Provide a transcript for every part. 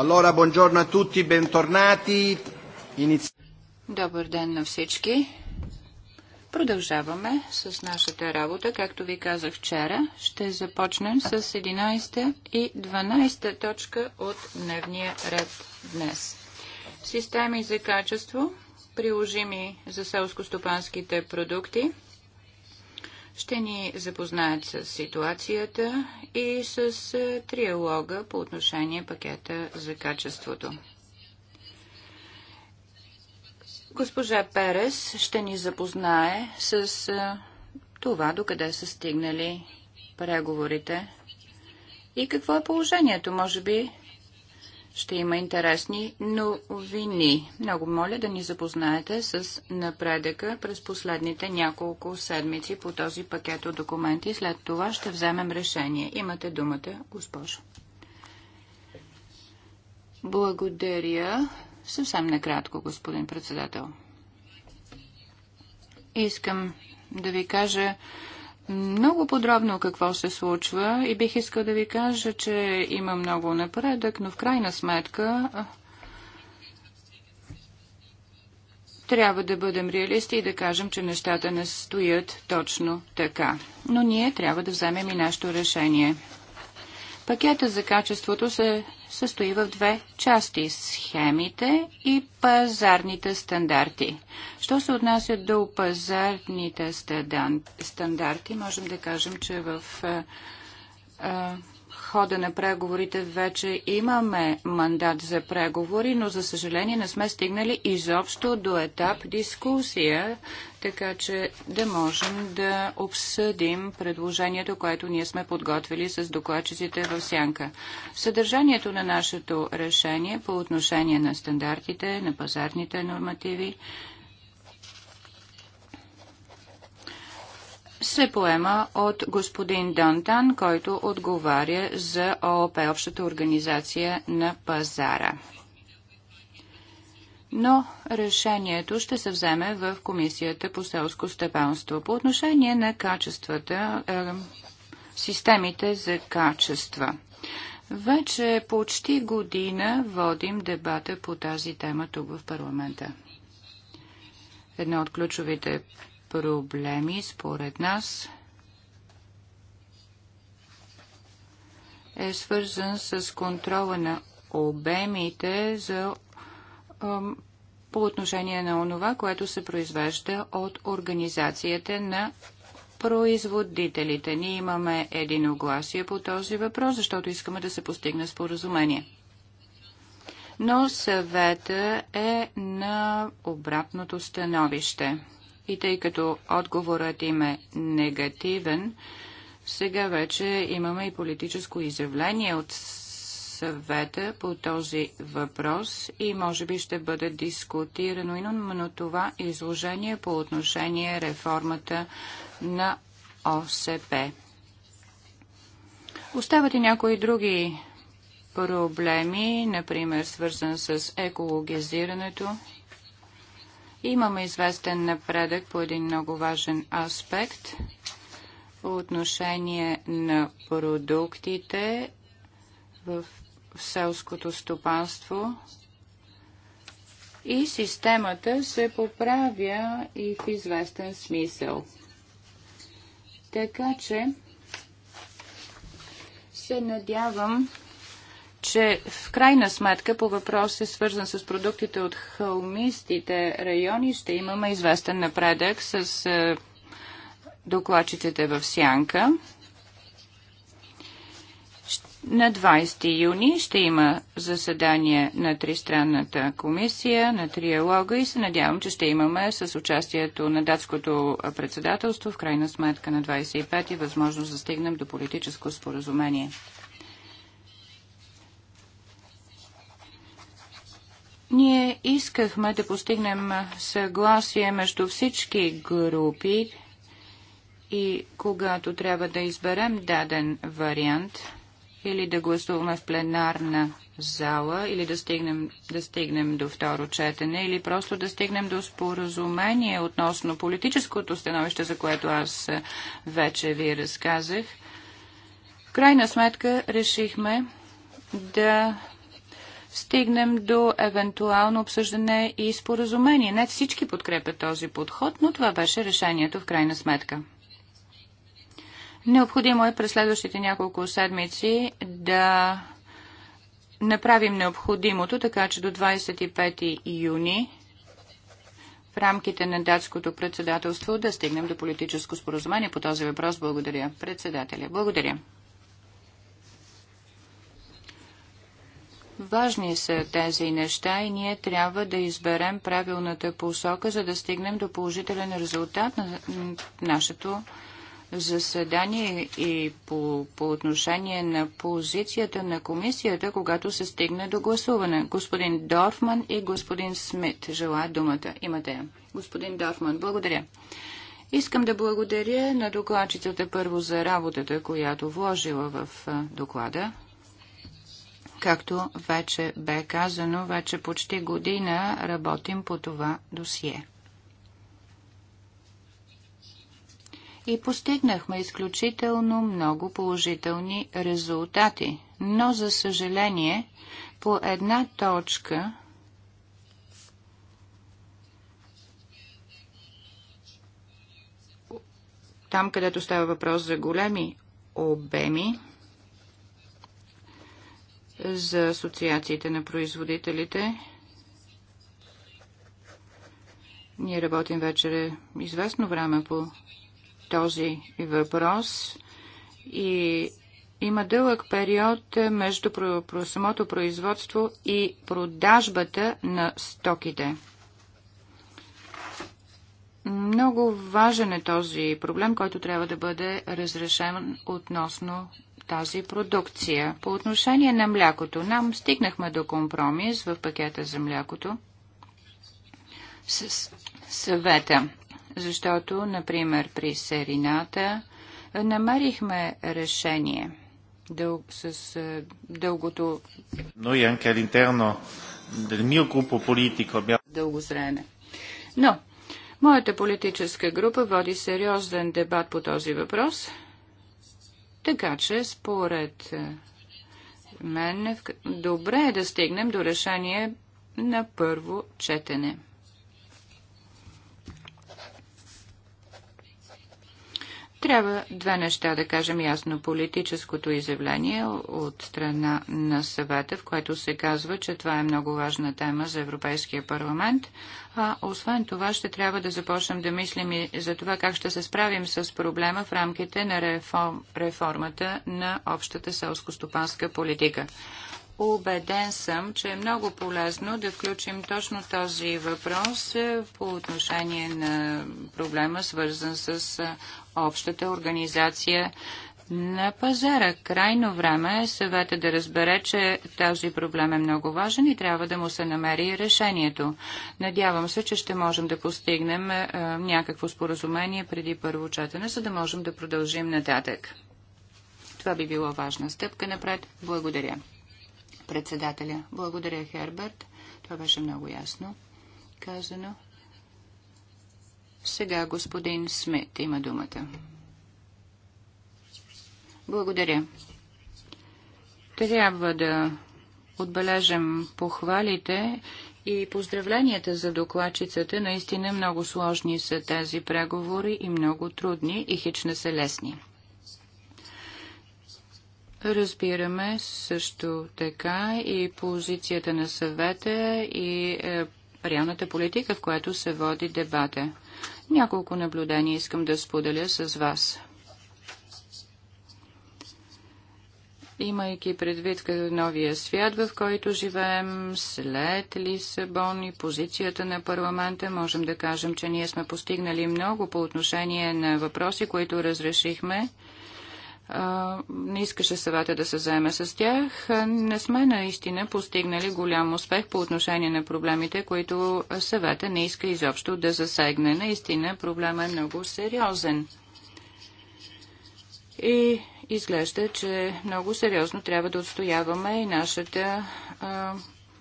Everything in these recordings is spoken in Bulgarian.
Allora, buongiorno a tutti, bentornati. Inizio... Добър ден на всички. Продължаваме с нашата работа. Както ви казах вчера, ще започнем с 11 и 12 точка от дневния ред днес. Системи за качество, приложими за селско-стопанските продукти – ще ни запознаят с ситуацията и с е, триалога по отношение пакета за качеството. Госпожа Перес ще ни запознае с е, това, докъде са стигнали преговорите и какво е положението. Може би ще има интересни новини. Много моля да ни запознаете с напредъка през последните няколко седмици по този пакет от документи. След това ще вземем решение. Имате думата, госпожо. Благодаря. Съвсем накратко, господин председател. Искам да ви кажа много подробно какво се случва и бих искал да ви кажа, че има много напредък, но в крайна сметка трябва да бъдем реалисти и да кажем, че нещата не стоят точно така. Но ние трябва да вземем и нашето решение. Пакета за качеството се състои в две части – схемите и пазарните стандарти. Що се отнася до пазарните стандарти, можем да кажем, че в а, хода на преговорите вече имаме мандат за преговори, но за съжаление не сме стигнали изобщо до етап дискусия, така че да можем да обсъдим предложението, което ние сме подготвили с докладчиците в Сянка. Съдържанието на нашето решение по отношение на стандартите, на пазарните нормативи, се поема от господин Донтан, който отговаря за ООП, Общата организация на пазара. Но решението ще се вземе в Комисията по селско степанство. По отношение на качествата, е, системите за качества. Вече почти година водим дебата по тази тема тук в парламента. Една от ключовите проблеми, според нас, е свързан с контрола на обемите за, по отношение на онова, което се произвежда от организацията на производителите. Ние имаме единогласие по този въпрос, защото искаме да се постигне споразумение. Но съвета е на обратното становище. И тъй като отговорът им е негативен, сега вече имаме и политическо изявление от съвета по този въпрос и може би ще бъде дискутирано именно това изложение по отношение реформата на ОСП. Остават и някои други проблеми, например свързан с екологизирането Имаме известен напредък по един много важен аспект по отношение на продуктите в селското стопанство и системата се поправя и в известен смисъл. Така че се надявам че в крайна сметка по въпрос е свързан с продуктите от хълмистите райони, ще имаме известен напредък с е, докладчиците в Сянка. На 20 юни ще има заседание на Тристранната комисия, на триалога и се надявам, че ще имаме с участието на датското председателство в крайна сметка на 25 и възможност да стигнем до политическо споразумение. Ние искахме да постигнем съгласие между всички групи и когато трябва да изберем даден вариант или да гласуваме в пленарна зала или да стигнем, да стигнем до второ четене или просто да стигнем до споразумение относно политическото становище, за което аз вече ви разказах. В крайна сметка решихме да стигнем до евентуално обсъждане и споразумение. Не всички подкрепят този подход, но това беше решението в крайна сметка. Необходимо е през следващите няколко седмици да направим необходимото, така че до 25 юни в рамките на датското председателство да стигнем до политическо споразумение по този въпрос. Благодаря. Председателя, благодаря. Важни са тези неща и ние трябва да изберем правилната посока, за да стигнем до положителен резултат на нашето заседание и по, по отношение на позицията на комисията, когато се стигне до гласуване. Господин Дорфман и господин Смит желаят думата. Имате я. Господин Дорфман, благодаря. Искам да благодаря на докладчицата първо за работата, която вложила в доклада. Както вече бе казано, вече почти година работим по това досие. И постигнахме изключително много положителни резултати, но за съжаление по една точка там, където става въпрос за големи обеми, за асоциациите на производителите. Ние работим вече известно време по този въпрос и има дълъг период между самото производство и продажбата на стоките. Много важен е този проблем, който трябва да бъде разрешен относно тази продукция. По отношение на млякото, нам стигнахме до компромис в пакета за млякото с съвета, защото, например, при серината е, намерихме решение дъл... с е, дългото... Но и anche интерно дъл... mio групо политико. Дълго зрене. Но, моята политическа група води сериозен дебат по този въпрос – така че, според мен, е добре е да стигнем до решение на първо четене. Трябва две неща да кажем ясно. Политическото изявление от страна на съвета, в което се казва, че това е много важна тема за Европейския парламент. А освен това ще трябва да започнем да мислим и за това как ще се справим с проблема в рамките на реформ, реформата на общата селско-стопанска политика. Убеден съм, че е много полезно да включим точно този въпрос е, по отношение на проблема, свързан с общата организация на пазара. Крайно време е съвета да разбере, че този проблем е много важен и трябва да му се намери решението. Надявам се, че ще можем да постигнем е, някакво споразумение преди първо четене, за да можем да продължим нататък. Това би било важна стъпка напред. Благодаря. Председателя. Благодаря, Херберт. Това беше много ясно казано. Сега господин Смет има думата. Благодаря. Трябва да отбележим похвалите и поздравленията за докладчицата. Наистина много сложни са тези преговори и много трудни и хична са лесни. Разбираме също така и позицията на съвета и е, реалната политика, в която се води дебата. Няколко наблюдения искам да споделя с вас. имайки предвид като новия свят, в който живеем, след Лисабон и позицията на парламента, можем да кажем, че ние сме постигнали много по отношение на въпроси, които разрешихме не искаше съвета да се заеме с тях. Не сме наистина постигнали голям успех по отношение на проблемите, които съвета не иска изобщо да засегне. Наистина проблема е много сериозен. И изглежда, че много сериозно трябва да отстояваме и нашата а,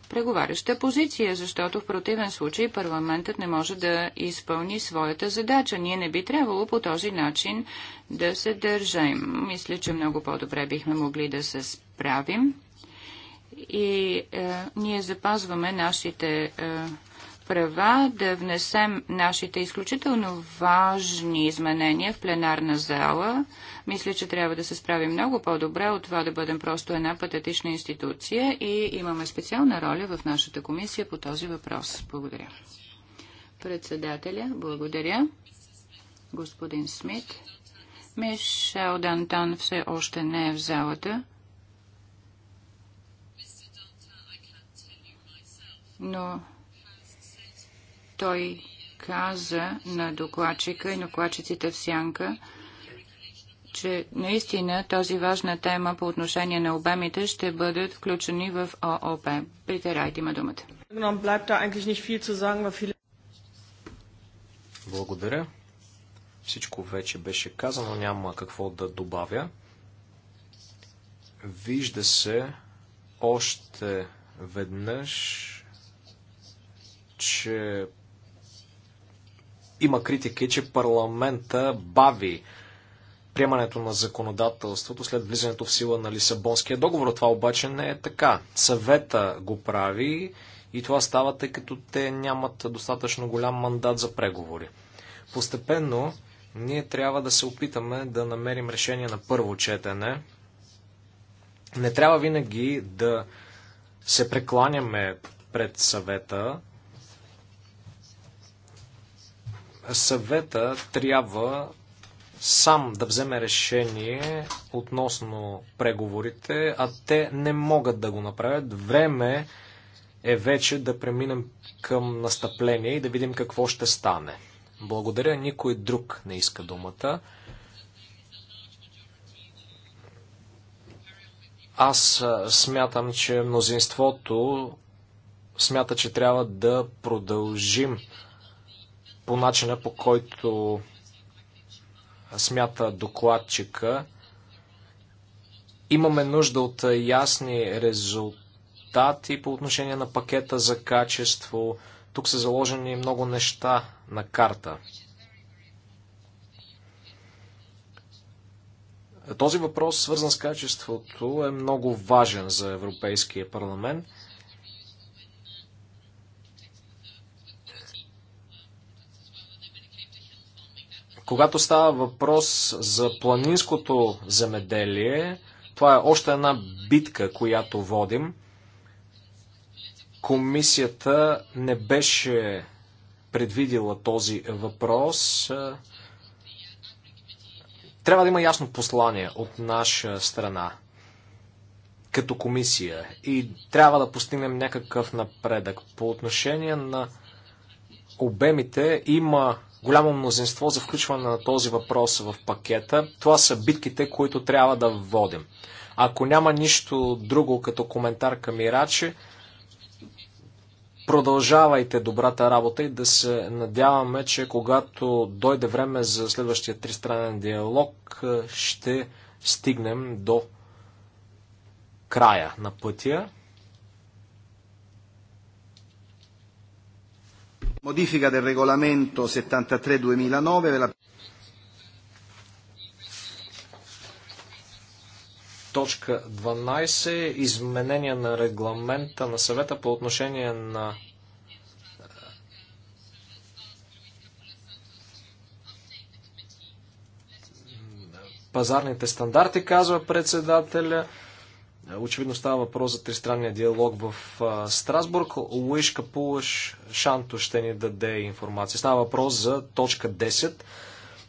преговаряща позиция, защото в противен случай парламентът не може да изпълни своята задача. Ние не би трябвало по този начин да се държим. Мисля, че много по-добре бихме могли да се справим и е, ние запазваме нашите е, права да внесем нашите изключително важни изменения в пленарна зала. Мисля, че трябва да се справим много по-добре от това да бъдем просто една патетична институция и имаме специална роля в нашата комисия по този въпрос. Благодаря. Председателя, благодаря. Господин Смит. Мишел Дантан все още не е в залата. но той каза на докладчика и на докладчиците в Сянка, че наистина тази важна тема по отношение на обемите ще бъдат включени в ООП. Брите Райт има думата. Благодаря. Всичко вече беше казано, няма какво да добавя. Вижда се още веднъж, че има критики, че парламента бави приемането на законодателството след влизането в сила на Лисабонския договор. Това обаче не е така. Съвета го прави и това става, тъй като те нямат достатъчно голям мандат за преговори. Постепенно ние трябва да се опитаме да намерим решение на първо четене. Не трябва винаги да се прекланяме пред съвета. съвета трябва сам да вземе решение относно преговорите, а те не могат да го направят. Време е вече да преминем към настъпление и да видим какво ще стане. Благодаря, никой друг не иска думата. Аз смятам, че мнозинството смята, че трябва да продължим по начина по който смята докладчика. Имаме нужда от ясни резултати по отношение на пакета за качество. Тук са заложени много неща на карта. Този въпрос, свързан с качеството, е много важен за Европейския парламент – Когато става въпрос за планинското земеделие, това е още една битка, която водим. Комисията не беше предвидила този въпрос. Трябва да има ясно послание от наша страна като комисия и трябва да постигнем някакъв напредък. По отношение на обемите има голямо мнозинство за включване на този въпрос в пакета. Това са битките, които трябва да водим. Ако няма нищо друго като коментар към Ираче, продължавайте добрата работа и да се надяваме, че когато дойде време за следващия тристранен диалог, е, ще стигнем до края на пътя. modifica del regolamento 73-2009. della... Точка 12. Е изменение на регламента на съвета по отношение на е, пазарните стандарти, казва председателя. Е, очевидно става въпрос за тристранния диалог в Страсбург. Луиш Капулаш Шанто ще ни даде информация. Става въпрос за точка 10.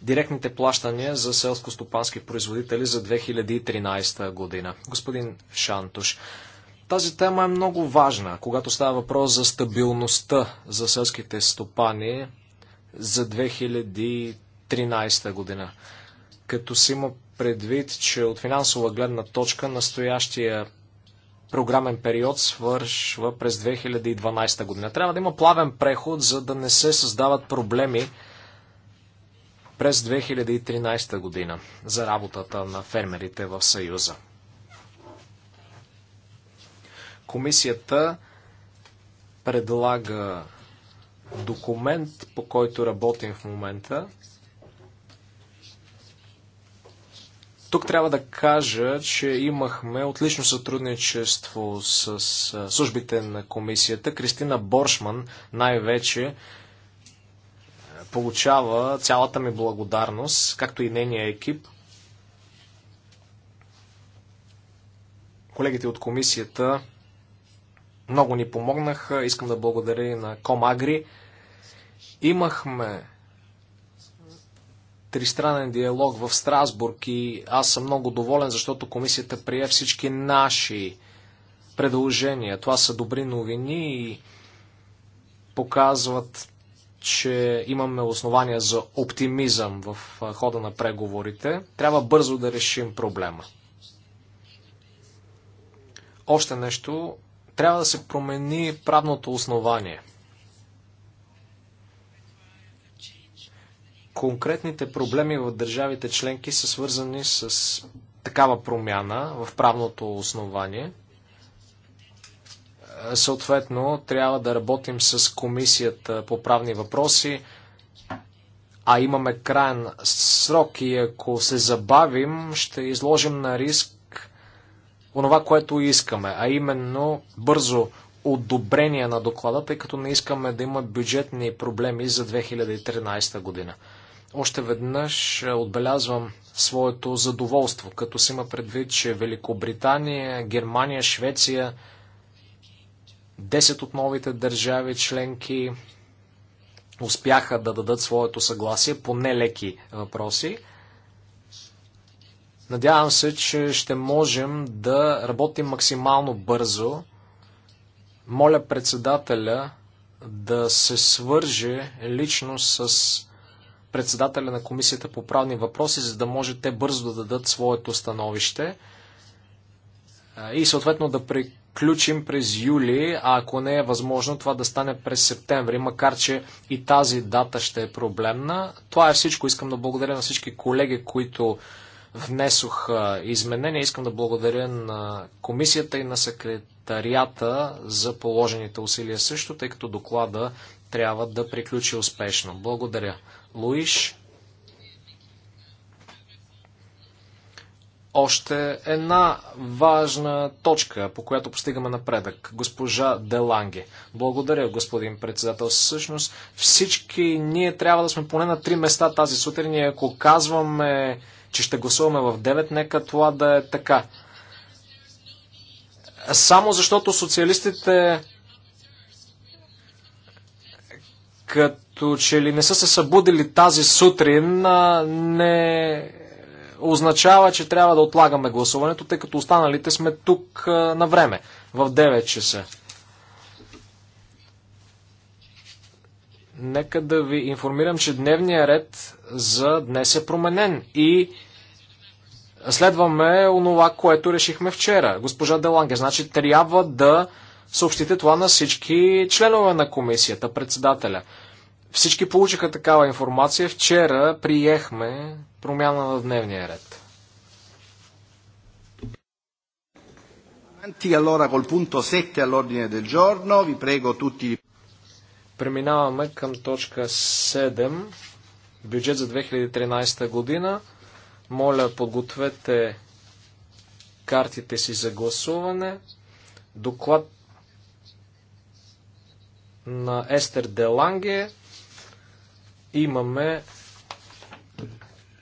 Директните плащания за селско-стопански производители за 2013 година. Господин Шантош, тази тема е много важна, когато става въпрос за стабилността за селските стопани за 2013 година. Като си има предвид, че от финансова гледна точка настоящия програмен период свършва през 2012 година. Трябва да има плавен преход, за да не се създават проблеми през 2013 година за работата на фермерите в Съюза. Комисията предлага документ, по който работим в момента. Тук трябва да кажа, че имахме отлично сътрудничество с службите на комисията. Кристина Боршман най-вече получава цялата ми благодарност, както и нейния екип. Колегите от комисията много ни помогнаха. Искам да благодаря и на Комагри. Имахме тристранен диалог в Страсбург и аз съм много доволен, защото комисията прие всички наши предложения. Това са добри новини и показват, че имаме основания за оптимизъм в хода на преговорите. Трябва бързо да решим проблема. Още нещо. Трябва да се промени правното основание. конкретните проблеми в държавите членки са свързани с такава промяна в правното основание. Е, съответно, трябва да работим с комисията по правни въпроси, а имаме крайен срок и ако се забавим, ще изложим на риск онова, което искаме, а именно бързо одобрение на доклада, тъй като не искаме да има бюджетни проблеми за 2013 година. Още веднъж е, отбелязвам своето задоволство, като се има предвид, че Великобритания, Германия, Швеция, 10 от новите държави членки успяха да дадат своето съгласие по нелеки въпроси. Надявам се, че ще можем да работим максимално бързо. Моля председателя да се свърже лично с председателя на Комисията по правни въпроси, за да може те бързо да дадат своето становище и съответно да приключим през юли, а ако не е възможно това да стане през септември, макар че и тази дата ще е проблемна. Това е всичко. Искам да благодаря на всички колеги, които внесох изменения. Искам да благодаря на комисията и на секретарията за положените усилия също, тъй като доклада трябва да приключи успешно. Благодаря. Луиш. Още една важна точка, по която постигаме напредък. Госпожа Деланге. Благодаря, господин председател. Всъщност всички ние трябва да сме поне на три места тази сутрин и ако казваме, че ще гласуваме в 9, нека това да е така. Само защото социалистите като като че ли не са се събудили тази сутрин, не означава, че трябва да отлагаме гласуването, тъй като останалите сме тук на време, в 9 часа. Нека да ви информирам, че дневният ред за днес е променен и следваме онова, което решихме вчера. Госпожа Деланге, значи трябва да съобщите това на всички членове на комисията, председателя. Всички получиха такава информация. Вчера приехме промяна на дневния ред. Преминаваме към точка 7, бюджет за 2013 година. Моля, подгответе картите си за гласуване. Доклад на Естер Деланге Имаме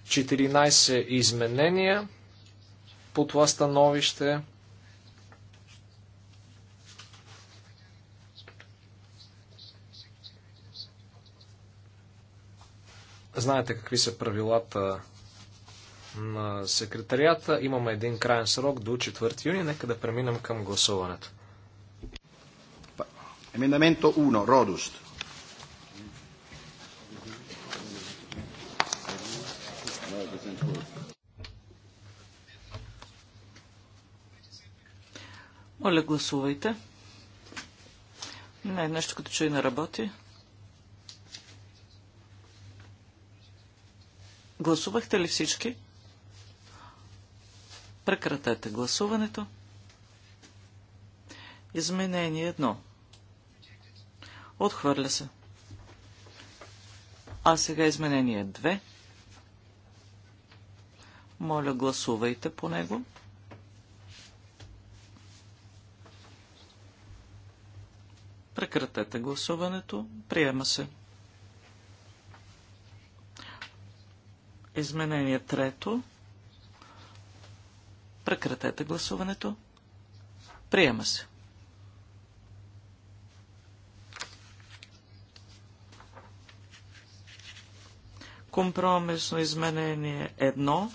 14 изменения по това становище. Знаете какви са правилата на секретарията. Имаме един крайен срок до 4 юни. Нека да преминем към гласуването. Емендаменто 1. Родост. Моля, гласувайте. Не, нещо като че и не работи. Гласувахте ли всички? Прекратете гласуването. Изменение едно. Отхвърля се. А сега изменение 2. Моля, гласувайте по него. Прекратете гласуването. Приема се. Изменение трето. Прекратете гласуването. Приема се. Компромисно изменение едно.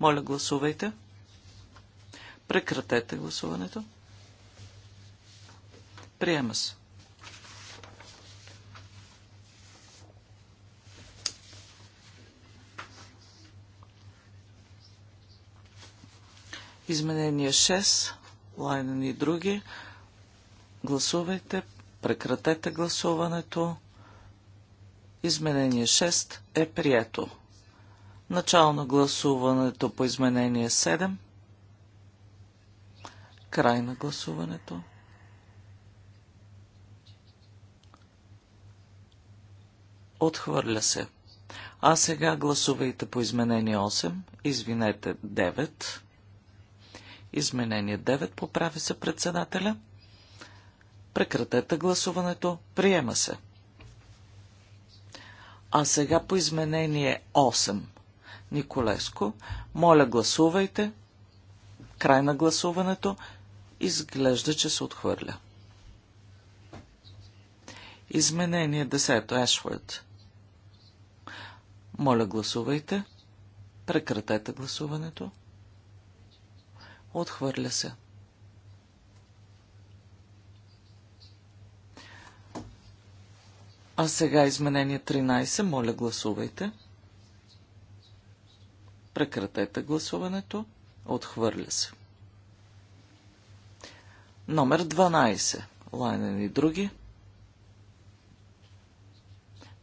Моля, гласувайте. Прекратете гласуването. Приема се. Изменение 6, Лайнен и други. Гласувайте, прекратете гласуването. Изменение 6 е прието. Начало на гласуването по изменение 7. Край на гласуването. Отхвърля се. А сега гласувайте по изменение 8. Извинете, 9. Изменение 9 поправи се председателя. Прекратете гласуването. Приема се. А сега по изменение 8. Николеско, моля гласувайте. Край на гласуването. Изглежда, че се отхвърля. Изменение 10. Ешвард. Моля гласувайте. Прекратете гласуването. Отхвърля се. А сега изменение 13. Моля, гласувайте. Прекратете гласуването. Отхвърля се. Номер 12. Лайнен и други.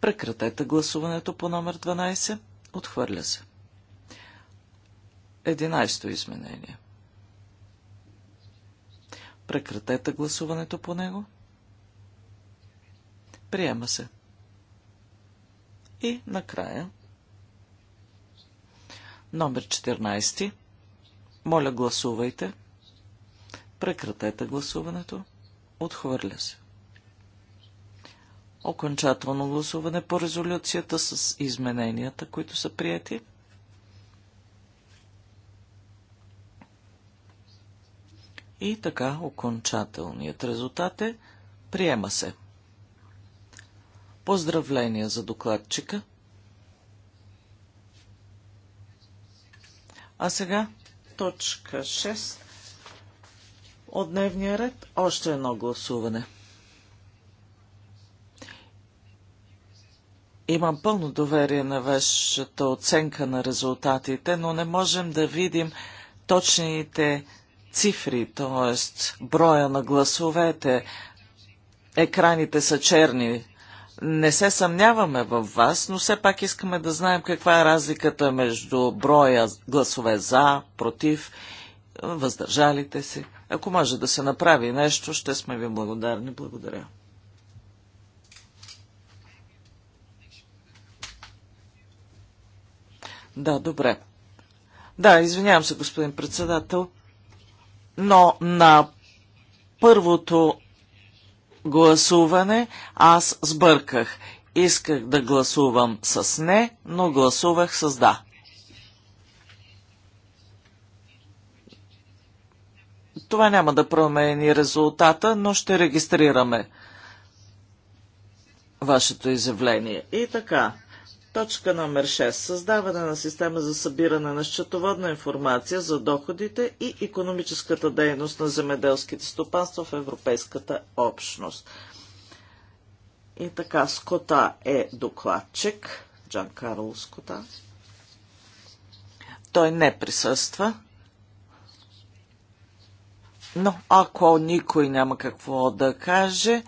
Прекратете гласуването по номер 12. Отхвърля се. 11 изменение. Прекратете гласуването по него. Приема се. И накрая. Номер 14. Моля, гласувайте. Прекратете гласуването. Отхвърля се. Окончателно гласуване по резолюцията с измененията, които са прияти. И така окончателният резултат е приема се. Поздравления за докладчика. А сега точка 6 от дневния ред. Още едно гласуване. Имам пълно доверие на вашата оценка на резултатите, но не можем да видим точните цифри, т.е. броя на гласовете. Екраните са черни. Не се съмняваме в вас, но все пак искаме да знаем каква е разликата между броя гласове за, против, въздържалите си. Ако може да се направи нещо, ще сме ви благодарни. Благодаря. Да, добре. Да, извинявам се, господин председател но на първото гласуване аз сбърках. Исках да гласувам с не, но гласувах с да. Това няма да промени резултата, но ще регистрираме вашето изявление. И така. Точка номер 6. Създаване на система за събиране на счетоводна информация за доходите и економическата дейност на земеделските стопанства в Европейската общност. И така, Скота е докладчик. Джан Карл Скота. Той не присъства. Но ако никой няма какво да каже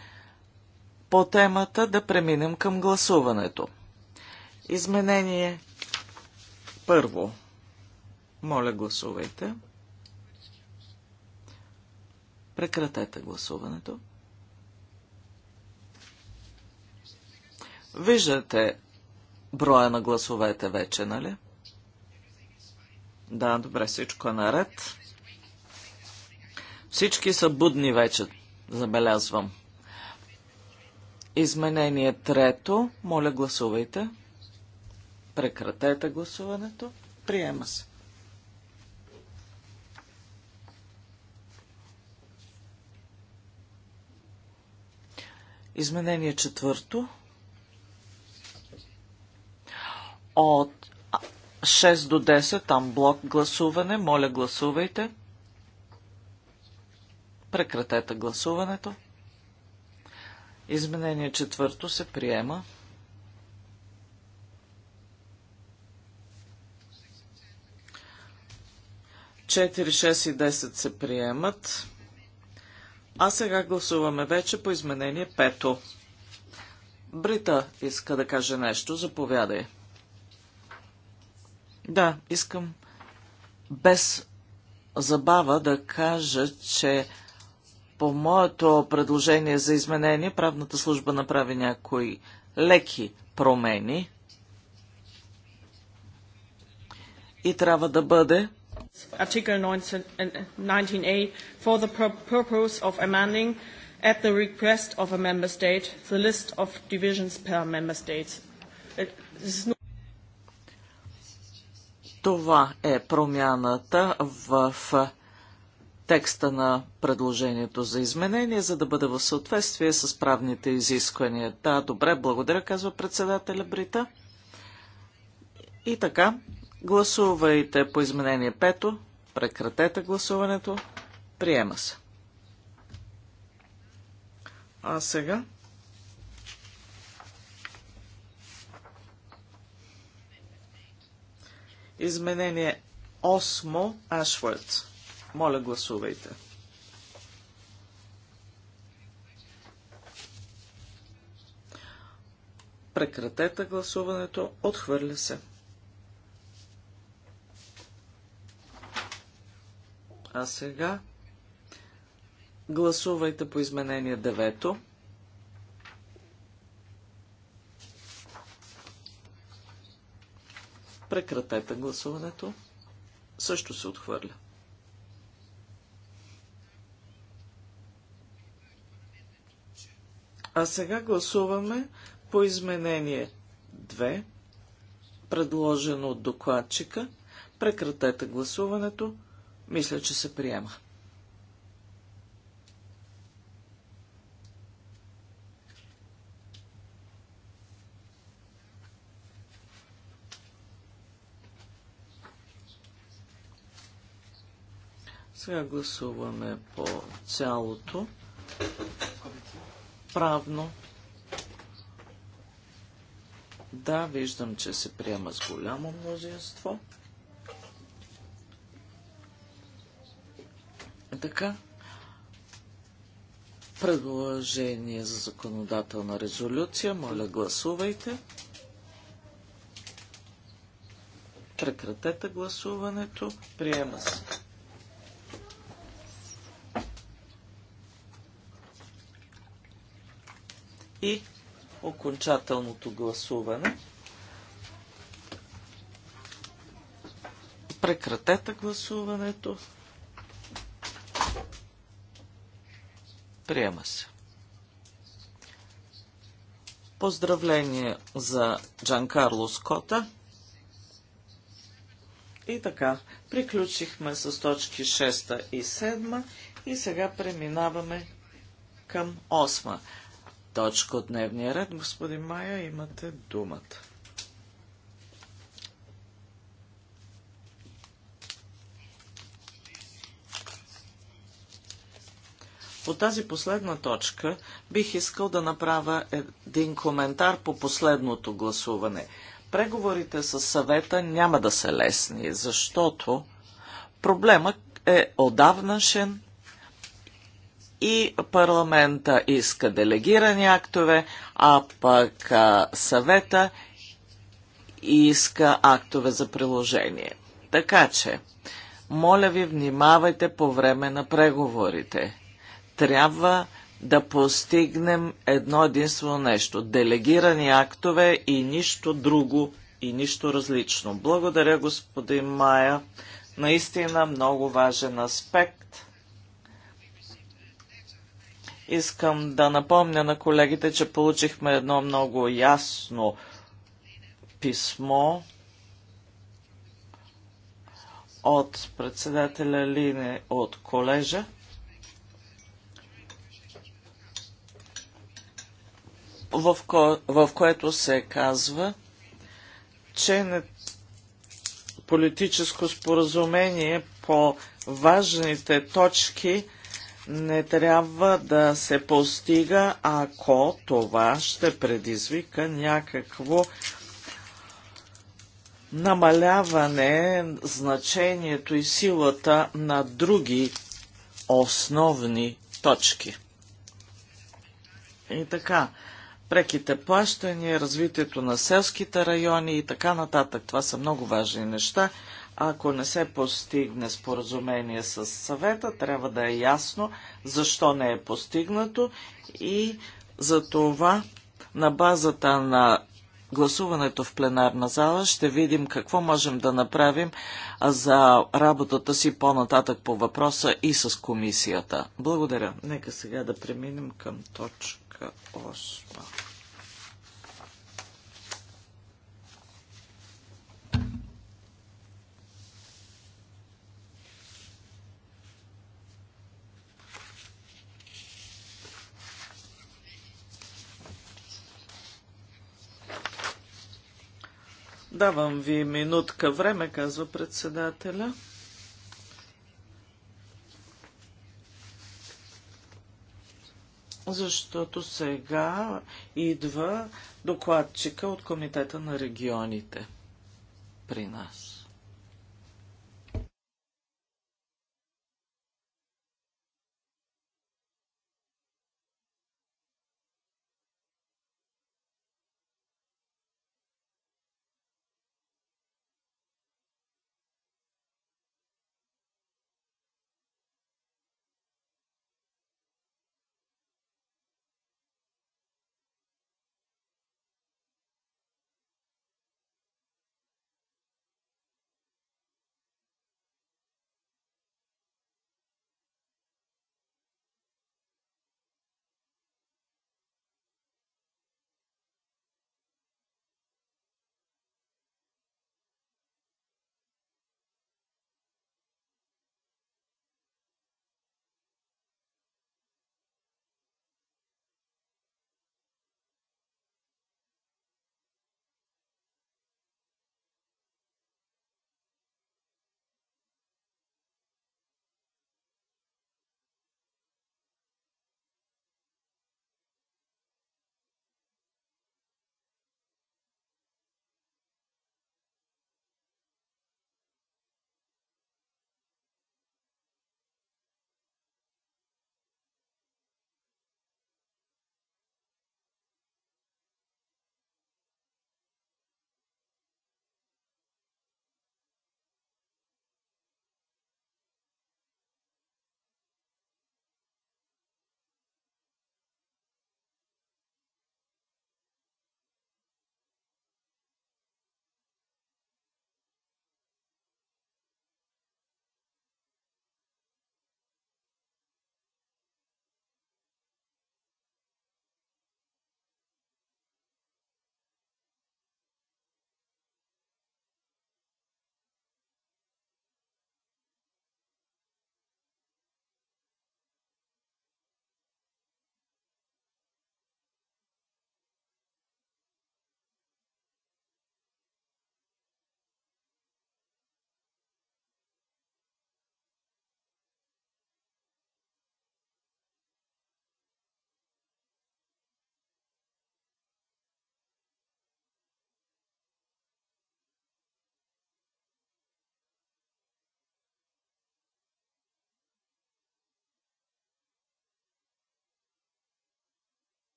по темата, да преминем към гласуването. Изменение първо. Моля, гласувайте. Прекратете гласуването. Виждате броя на гласовете вече, нали? Да, добре, всичко е наред. Всички са будни вече, забелязвам. Изменение трето. Моля, гласувайте. Прекратете гласуването. Приема се. Изменение четвърто. От 6 до 10, там блок гласуване. Моля, гласувайте. Прекратете гласуването. Изменение четвърто се приема. 4, 6 и 10 се приемат. А сега гласуваме вече по изменение 5. Брита иска да каже нещо. Заповядай. Да, искам без забава да кажа, че по моето предложение за изменение правната служба направи някои леки промени и трябва да бъде Article 19, a for the purpose of amending at the request of a member state the list of divisions per member states. Uh, Това е промяната в текста на предложението за изменение, за да бъде в съответствие с правните изисквания. Да, добре, благодаря, казва председателя Брита. И така, Гласувайте по изменение 5. Прекратете гласуването. Приема се. А сега? Изменение 8. Ашфорд. Моля, гласувайте. Прекратете гласуването. Отхвърля се. А сега гласувайте по изменение 9. Прекратете гласуването. Също се отхвърля. А сега гласуваме по изменение 2, предложено от докладчика. Прекратете гласуването. Мисля, че се приема. Сега гласуваме по цялото правно. Да, виждам, че се приема с голямо мнозинство. така. Предложение за законодателна резолюция. Моля, гласувайте. Прекратете гласуването. Приема се. И окончателното гласуване. Прекратете гласуването. Приема се. Поздравление за Джанкарло Скота. И така, приключихме с точки 6 и 7 и сега преминаваме към 8 точка от дневния ред. Господин Майя, имате думата. По тази последна точка бих искал да направя един коментар по последното гласуване. Преговорите с съвета няма да са лесни, защото проблемът е отдавнашен и парламента иска делегирани актове, а пък съвета иска актове за приложение. Така че, моля ви, внимавайте по време на преговорите трябва да постигнем едно единствено нещо. Делегирани актове и нищо друго и нищо различно. Благодаря, господин Мая. Наистина много важен аспект. Искам да напомня на колегите, че получихме едно много ясно писмо от председателя Лине от колежа. в, ко... в което се казва, че на политическо споразумение по важните точки не трябва да се постига, ако това ще предизвика някакво намаляване значението и силата на други основни точки. И така, преките плащания, развитието на селските райони и така нататък. Това са много важни неща. Ако не се постигне споразумение с съвета, трябва да е ясно защо не е постигнато и за това на базата на гласуването в пленарна зала ще видим какво можем да направим за работата си по-нататък по въпроса и с комисията. Благодаря. Нека сега да преминем към точка точка 8. Давам ви минутка време, казва председателя. защото сега идва докладчика от Комитета на регионите при нас.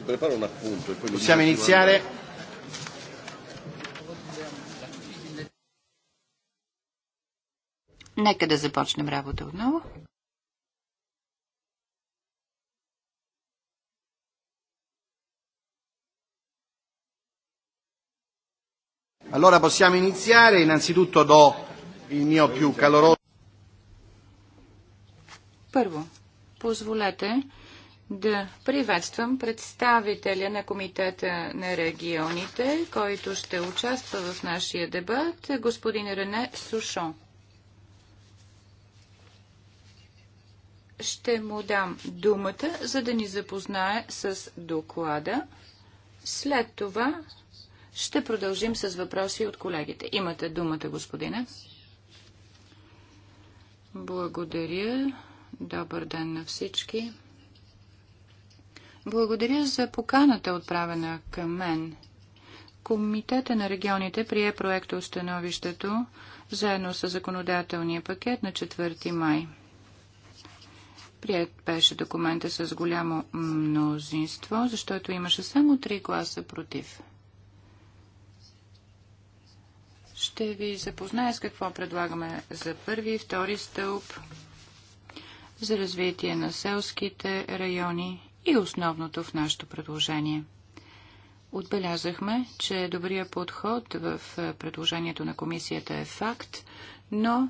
Ti preparo un appunto. E poi Possiamo iniziare? Нека да започнем работа отново. Allora possiamo iniziare, innanzitutto do il mio più caloroso. Първо, позволете да приветствам представителя на Комитета на регионите, който ще участва в нашия дебат, господин Рене Сушон. Ще му дам думата, за да ни запознае с доклада. След това ще продължим с въпроси от колегите. Имате думата, господине. Благодаря. Добър ден на всички. Благодаря за поканата, отправена към мен. Комитета на регионите прие проекта установището заедно с законодателния пакет на 4 май. Прият беше документа с голямо мнозинство, защото имаше само три гласа против. Ще ви запозная с какво предлагаме за първи и втори стълб за развитие на селските райони и основното в нашето предложение. Отбелязахме, че добрият подход в е, предложението на комисията е факт, но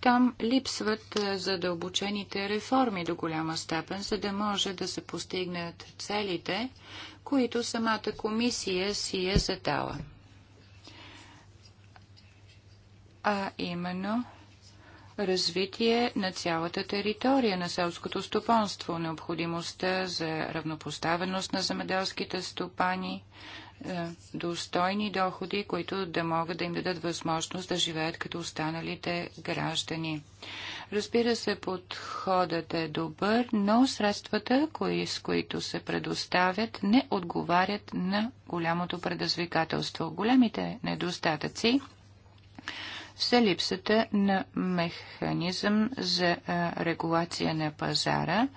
там липсват е, задълбочените реформи до голяма степен, за да може да се постигнат целите, които самата комисия си е задала. А именно развитие на цялата територия на селското стопанство, необходимостта за равнопоставеност на земеделските стопани, е, достойни доходи, които да могат да им дадат възможност да живеят като останалите граждани. Разбира се, подходът е добър, но средствата, кои, с които се предоставят, не отговарят на голямото предизвикателство. Големите недостатъци все липсата на механизъм за регулация на пазара,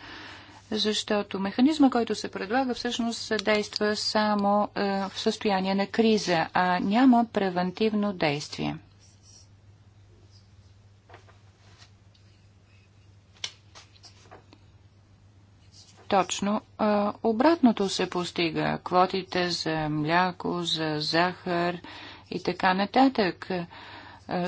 защото механизма, който се предлага, всъщност действа само в състояние на криза, а няма превентивно действие. Точно обратното се постига. Квотите за мляко, за захар и така нататък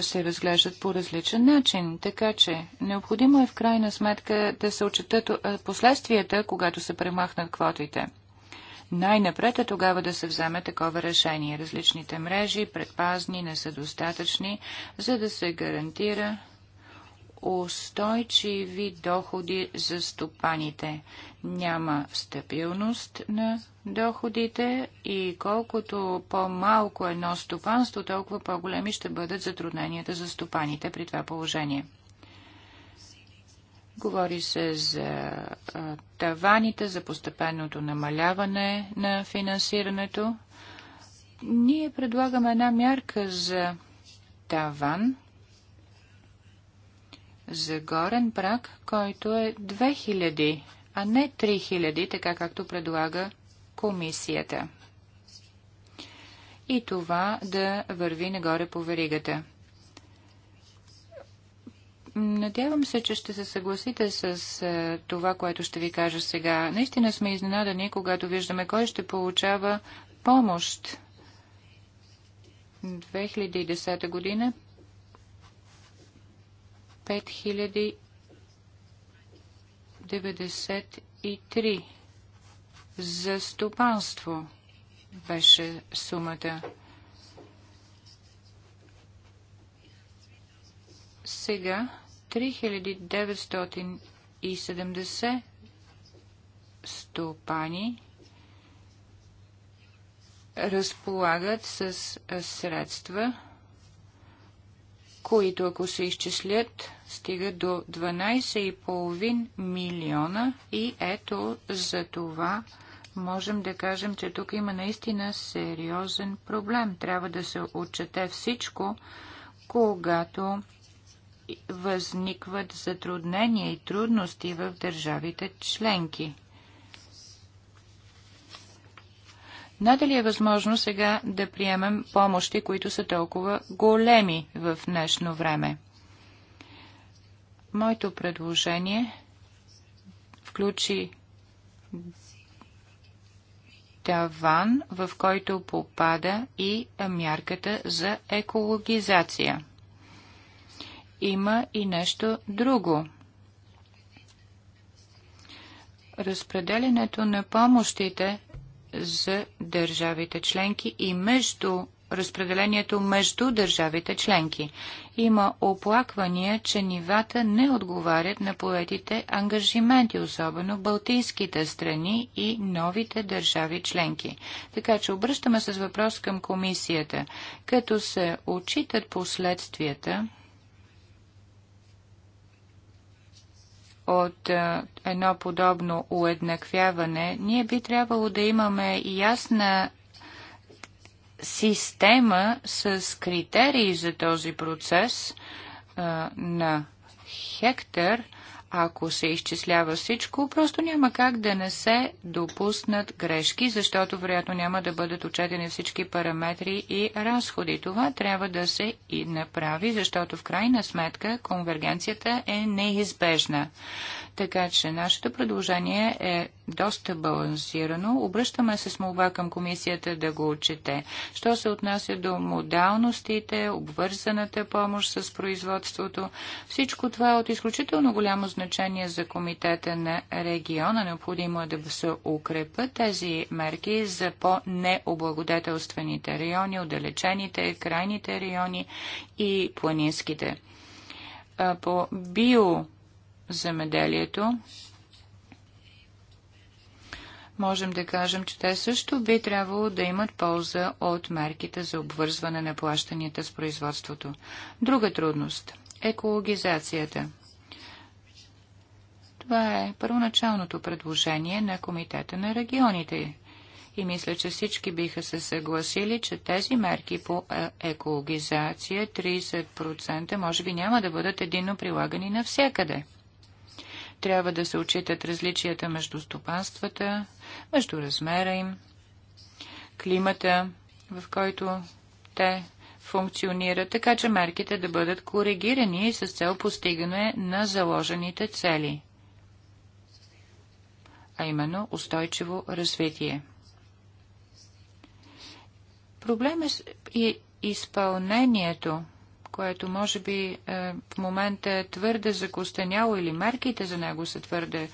се разглеждат по различен начин. Така че необходимо е в крайна сметка да се отчитат последствията, когато се премахнат квотите. Най-напред е тогава да се вземе такова решение. Различните мрежи, предпазни, не са достатъчни, за да се гарантира устойчиви доходи за стопаните. Няма стабилност на доходите и колкото по-малко едно стопанство, толкова по-големи ще бъдат затрудненията за стопаните при това положение. Говори се за таваните, за постепенното намаляване на финансирането. Ние предлагаме една мярка за таван – за горен прак, който е 2000, а не 3000, така както предлага комисията. И това да върви нагоре по веригата. Надявам се, че ще се съгласите с е, това, което ще ви кажа сега. Наистина сме изненадани, когато виждаме кой ще получава помощ 2010 година 5093 за стопанство беше сумата. Сега 3970 стопани разполагат с средства, които ако се изчислят стига до 12,5 милиона и ето за това можем да кажем, че тук има наистина сериозен проблем. Трябва да се отчете всичко, когато възникват затруднения и трудности в държавите членки. Надали е възможно сега да приемем помощи, които са толкова големи в днешно време? Моето предложение включи таван, в който попада и мярката за екологизация. Има и нещо друго. Разпределенето на помощите за държавите членки и между разпределението между държавите членки. Има оплаквания, че нивата не отговарят на поетите ангажименти, особено балтийските страни и новите държави членки. Така че обръщаме с въпрос към комисията, като се отчитат последствията от едно подобно уеднаквяване, ние би трябвало да имаме ясна система с критерии за този процес а, на хектар, ако се изчислява всичко, просто няма как да не се допуснат грешки, защото вероятно няма да бъдат отчетени всички параметри и разходи. Това трябва да се и направи, защото в крайна сметка конвергенцията е неизбежна. Така че нашето предложение е доста балансирано. Обръщаме се с молба към комисията да го отчете. Що се отнася до модалностите, обвързаната помощ с производството, всичко това е от изключително голямо значение за комитета на региона. Необходимо е да се укрепят тези мерки за по-необлагодетелствените райони, отдалечените, крайните райони и планинските. По био земеделието, можем да кажем, че те също би трябвало да имат полза от мерките за обвързване на плащанията с производството. Друга трудност – екологизацията. Това е първоначалното предложение на Комитета на регионите и мисля, че всички биха се съгласили, че тези мерки по екологизация 30% може би няма да бъдат единно прилагани навсякъде трябва да се отчитат различията между стопанствата, между размера им, климата, в който те функционират, така че мерките да бъдат коригирани с цел постигане на заложените цели, а именно устойчиво развитие. Проблем е изпълнението което може би е, в момента е твърде закостеняло или мерките за него са твърде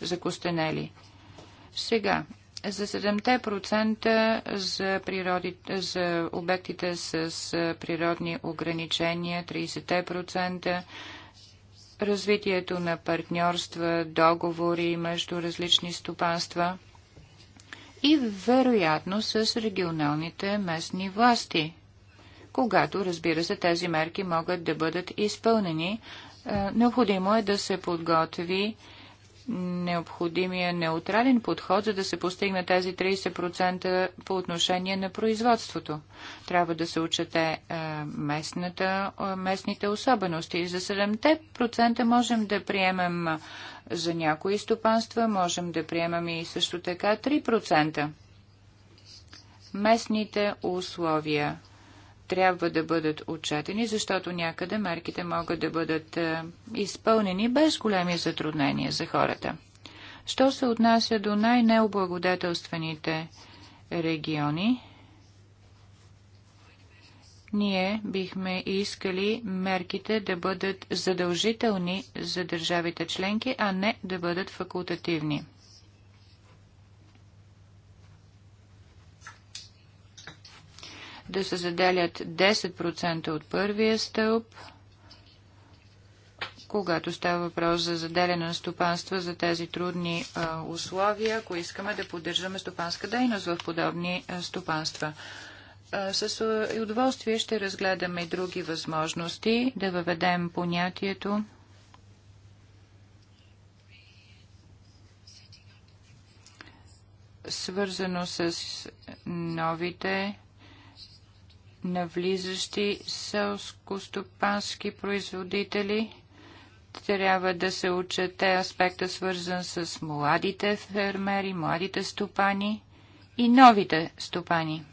закостенели. Сега, за 7% за, природи, за обектите с е, природни ограничения, 30% развитието на партньорства, договори между различни стопанства и вероятно с регионалните местни власти когато, разбира се, тези мерки могат да бъдат изпълнени. Е, необходимо е да се подготви необходимия неутрален подход, за да се постигне тези 30% по отношение на производството. Трябва да се учете е, местната, е, местните особености. За 7% можем да приемем за някои стопанства, можем да приемем и също така 3%. Местните условия трябва да бъдат отчетени, защото някъде мерките могат да бъдат е, изпълнени без големи затруднения за хората. Що се отнася до най-необлагодетелствените региони, ние бихме искали мерките да бъдат задължителни за държавите членки, а не да бъдат факултативни. да се заделят 10% от първия стълб, когато става въпрос за заделяне на стопанства за тези трудни а, условия, ако искаме да поддържаме стопанска дейност в подобни а, стопанства. А, с удоволствие ще разгледаме и други възможности да въведем понятието свързано с новите влизащи селско-стопански производители. Трябва да се отчете аспекта свързан с младите фермери, младите стопани и новите стопани.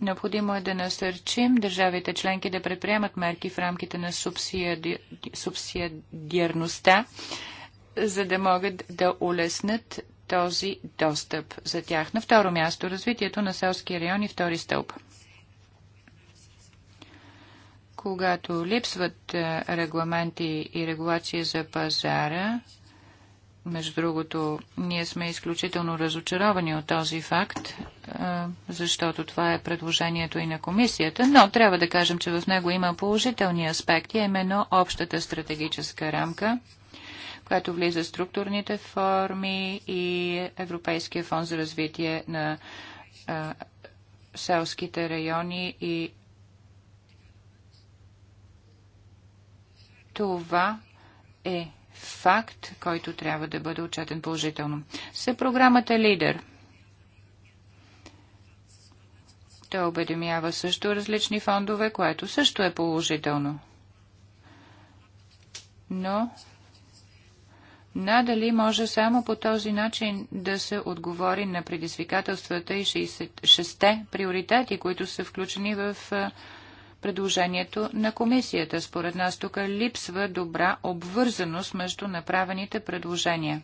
Необходимо е да насърчим държавите членки да предприемат мерки в рамките на субсиди... субсидиарността, за да могат да улеснат този достъп за тях. На второ място развитието на селски райони втори стълб когато липсват е, регламенти и регулации за пазара, между другото, ние сме изключително разочаровани от този факт, е, защото това е предложението и на комисията, но трябва да кажем, че в него има положителни аспекти, а именно общата стратегическа рамка, която влиза в структурните форми и Европейския фонд за развитие на е, селските райони и Това е факт, който трябва да бъде отчетен положително. С програмата Лидер. Той обедемява също различни фондове, което също е положително. Но надали може само по този начин да се отговори на предизвикателствата и 6 те приоритети, които са включени в предложението на комисията. Според нас тук липсва добра обвързаност между направените предложения.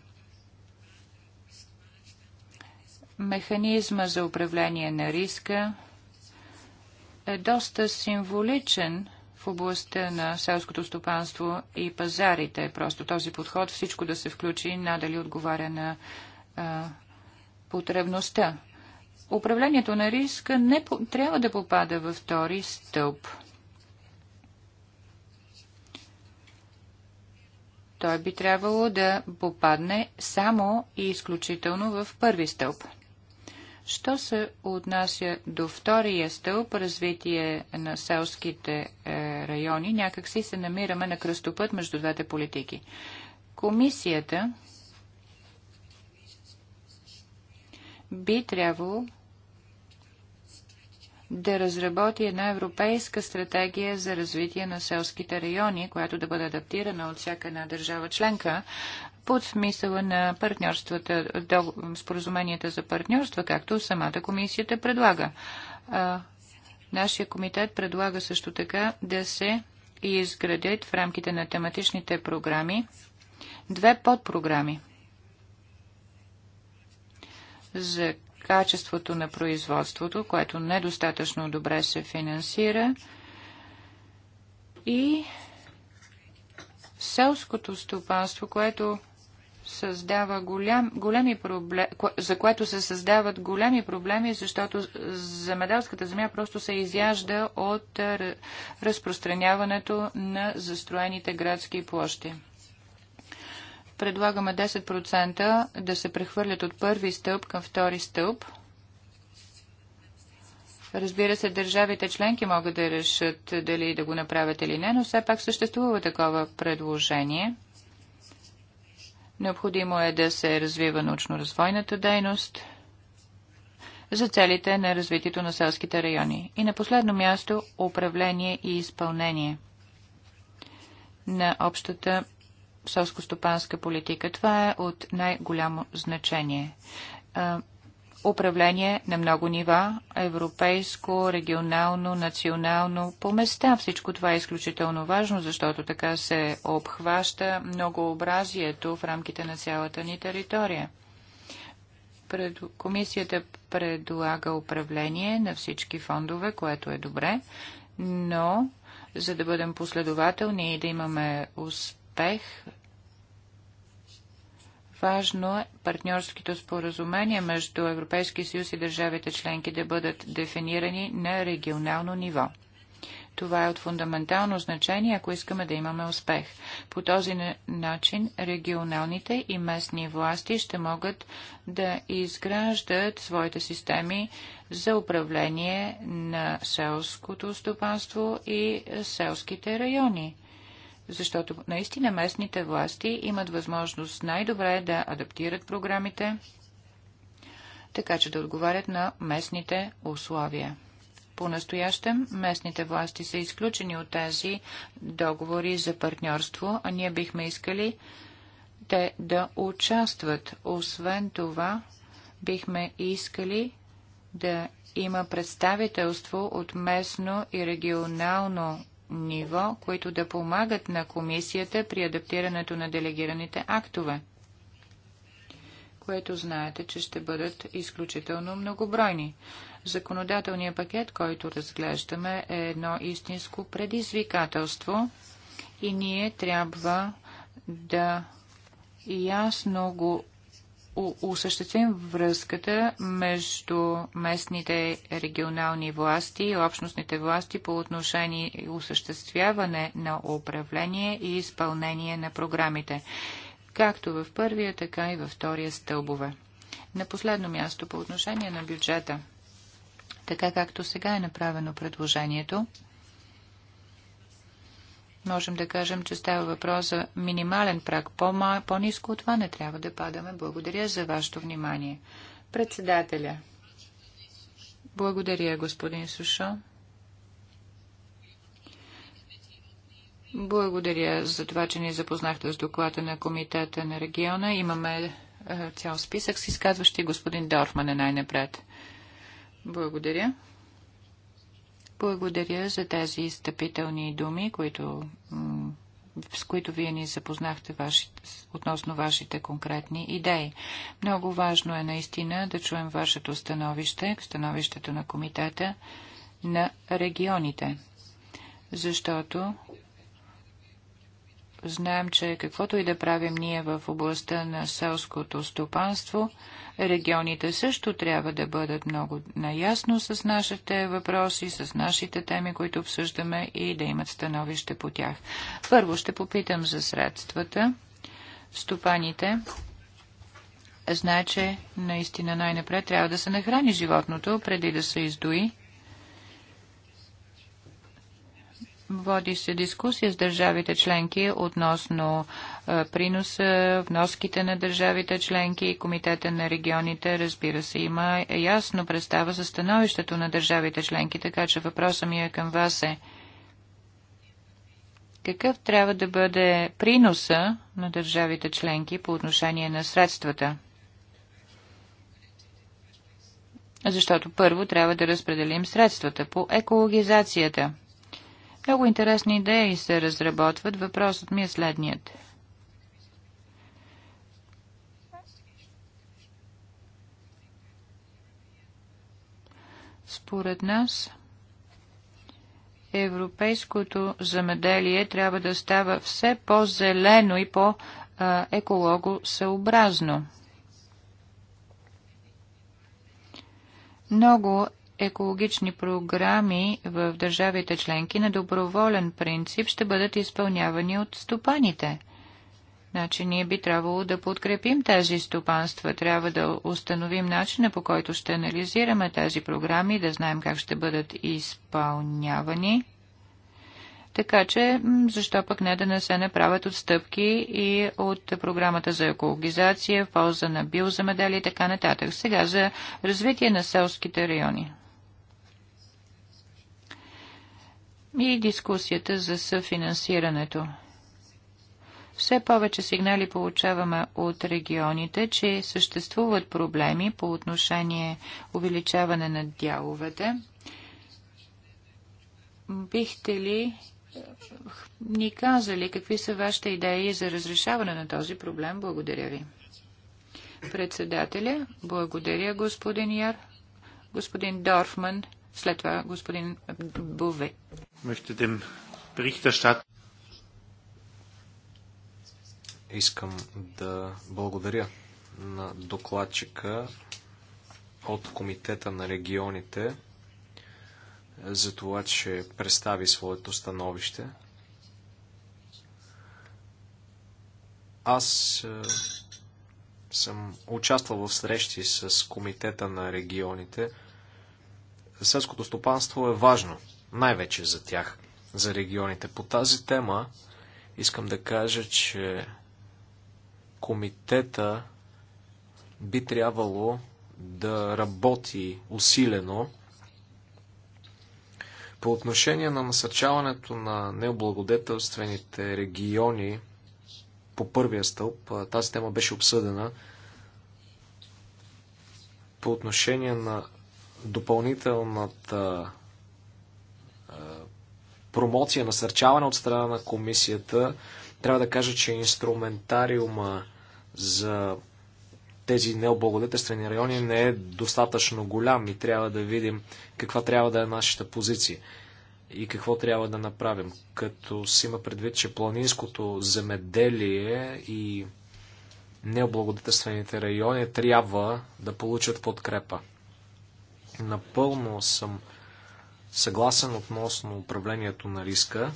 Механизма за управление на риска е доста символичен в областта на селското стопанство и пазарите. Просто този подход всичко да се включи надали отговаря на а, потребността управлението на риска не по, трябва да попада във втори стълб. Той би трябвало да попадне само и изключително в първи стълб. Що се отнася до втория стълб, развитие на селските е, райони, някакси се намираме на кръстопът между двете политики. Комисията би трябвало да разработи една европейска стратегия за развитие на селските райони, която да бъде адаптирана от всяка една държава членка под смисъла на партньорствата, споразуменията за партньорства, както самата комисията предлага. нашия комитет предлага също така да се изградят в рамките на тематичните програми две подпрограми за качеството на производството, което недостатъчно добре се финансира и селското стопанство, което създава голям, големи проблеми, за което се създават големи проблеми, защото земеделската земя просто се изяжда от разпространяването на застроените градски площи предлагаме 10% да се прехвърлят от първи стълб към втори стълб. Разбира се, държавите членки могат да решат дали да го направят или не, но все пак съществува такова предложение. Необходимо е да се развива научно-развойната дейност за целите на развитието на селските райони. И на последно място управление и изпълнение на общата селско-стопанска политика. Това е от най-голямо значение. Управление на много нива европейско, регионално, национално, по места. Всичко това е изключително важно, защото така се обхваща многообразието в рамките на цялата ни територия. Пред... Комисията предлага управление на всички фондове, което е добре, но за да бъдем последователни и да имаме успех, успех. Важно е партньорските споразумения между Европейския съюз и държавите членки да бъдат дефинирани на регионално ниво. Това е от фундаментално значение, ако искаме да имаме успех. По този начин регионалните и местни власти ще могат да изграждат своите системи за управление на селското стопанство и селските райони защото наистина местните власти имат възможност най-добре да адаптират програмите, така че да отговарят на местните условия. По-настоящем местните власти са изключени от тези договори за партньорство, а ние бихме искали те да участват. Освен това, бихме искали да има представителство от местно и регионално ниво, които да помагат на комисията при адаптирането на делегираните актове, което знаете, че ще бъдат изключително многобройни. Законодателният пакет, който разглеждаме, е едно истинско предизвикателство и ние трябва да ясно го осъществим връзката между местните регионални власти и общностните власти по отношение и осъществяване на управление и изпълнение на програмите, както в първия, така и във втория стълбове. На последно място по отношение на бюджета. Така както сега е направено предложението, можем да кажем, че става въпрос за минимален прак. По-низко от това не трябва да падаме. Благодаря за вашето внимание. Председателя. Благодаря, господин Сушо. Благодаря за това, че ни запознахте с доклада на Комитета на региона. Имаме е, цял списък с изказващи. Господин Дорфман е най-напред. Благодаря. Благодаря за тези стъпителни думи, които, с които вие ни запознахте вашите, относно вашите конкретни идеи. Много важно е наистина да чуем вашето становище, становището на комитета на регионите, защото знаем, че каквото и да правим ние в областта на селското стопанство, Регионите също трябва да бъдат много наясно с нашите въпроси, с нашите теми, които обсъждаме и да имат становище по тях. Първо ще попитам за средствата. Стопаните знаят, че наистина най-напред трябва да се нахрани животното, преди да се издои. Води се дискусия с държавите членки относно приноса, вноските на държавите членки и комитета на регионите, разбира се, има ясно представа за становището на държавите членки, така че въпросът ми е към вас е какъв трябва да бъде приноса на държавите членки по отношение на средствата? Защото първо трябва да разпределим средствата по екологизацията. Много интересни идеи се разработват. Въпросът ми е следният – Според нас, европейското замеделие трябва да става все по-зелено и по-екологосъобразно. Много екологични програми в държавите членки на доброволен принцип ще бъдат изпълнявани от стопаните – Значи ние би трябвало да подкрепим тези стопанства. Трябва да установим начина по който ще анализираме тези програми, да знаем как ще бъдат изпълнявани. Така че, защо пък не да не се направят отстъпки и от програмата за екологизация, в полза на биозамедели и така нататък. Сега за развитие на селските райони. И дискусията за съфинансирането. Все повече сигнали получаваме от регионите, че съществуват проблеми по отношение увеличаване на дяловете. Бихте ли е, ни казали какви са вашите идеи за разрешаване на този проблем? Благодаря ви. Председателя, благодаря господин Яр, господин Дорфман, след това господин Буве. Искам да благодаря на докладчика от Комитета на регионите за това, че представи своето становище. Аз е, съм участвал в срещи с Комитета на регионите. Селското стопанство е важно, най-вече за тях, за регионите. По тази тема искам да кажа, че комитета би трябвало да работи усилено по отношение на насърчаването на необлагодетелствените региони по първия стълб, тази тема беше обсъдена по отношение на допълнителната промоция, насърчаване от страна на комисията, трябва да кажа, че инструментариума за тези необлагодетелствени райони не е достатъчно голям и трябва да видим каква трябва да е нашата позиция и какво трябва да направим. Като си има предвид, че планинското земеделие и необлагодетелствените райони трябва да получат подкрепа. Напълно съм съгласен относно управлението на риска.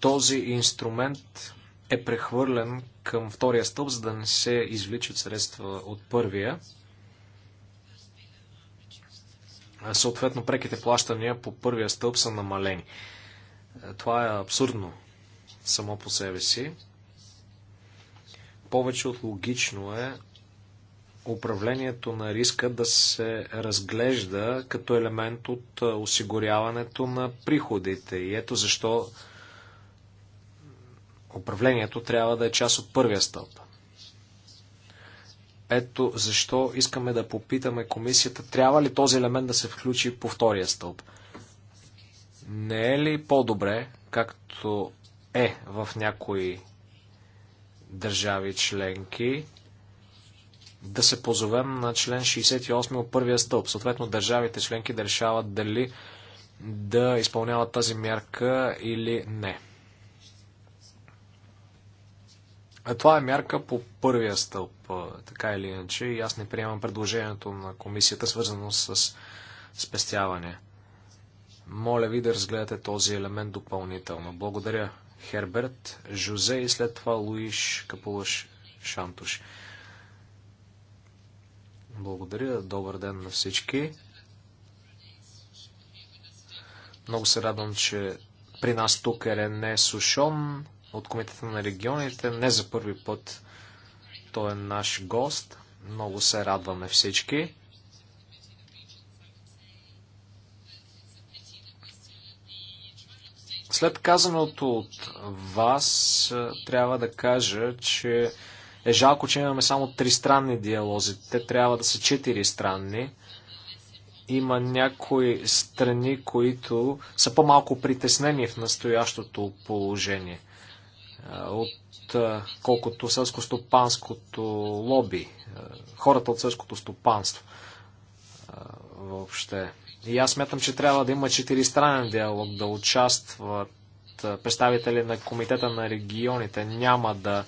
този инструмент е прехвърлен към втория стълб, за да не се извличат средства от първия. Съответно, преките плащания по първия стълб са намалени. Е, това е абсурдно само по себе си. Повече от логично е управлението на риска да се разглежда като елемент от е, осигуряването на приходите. И ето защо Управлението трябва да е част от първия стълб. Ето защо искаме да попитаме комисията, трябва ли този елемент да се включи по втория стълб. Не е ли по-добре, както е в някои държави членки, да се позовем на член 68 от първия стълб. Съответно, държавите членки да решават дали да изпълняват тази мярка или не. Това е мярка по първия стълб, така или иначе, и аз не приемам предложението на комисията, свързано с спестяване. Моля ви да разгледате този елемент допълнително. Благодаря, Херберт, Жозе и след това Луиш Капулаш Шантуш. Благодаря, добър ден на всички. Много се радвам, че при нас тук е Рене Сушон, от Комитета на регионите. Не за първи път той е наш гост. Много се радваме всички. След казаното от вас, трябва да кажа, че е жалко, че имаме само тристранни диалози. Те трябва да са четиристранни. Има някои страни, които са по-малко притеснени в настоящото положение от колкото селско-стопанското лоби, хората от селското стопанство въобще. И аз смятам, че трябва да има четиристранен диалог, да участват представители на Комитета на регионите. Няма да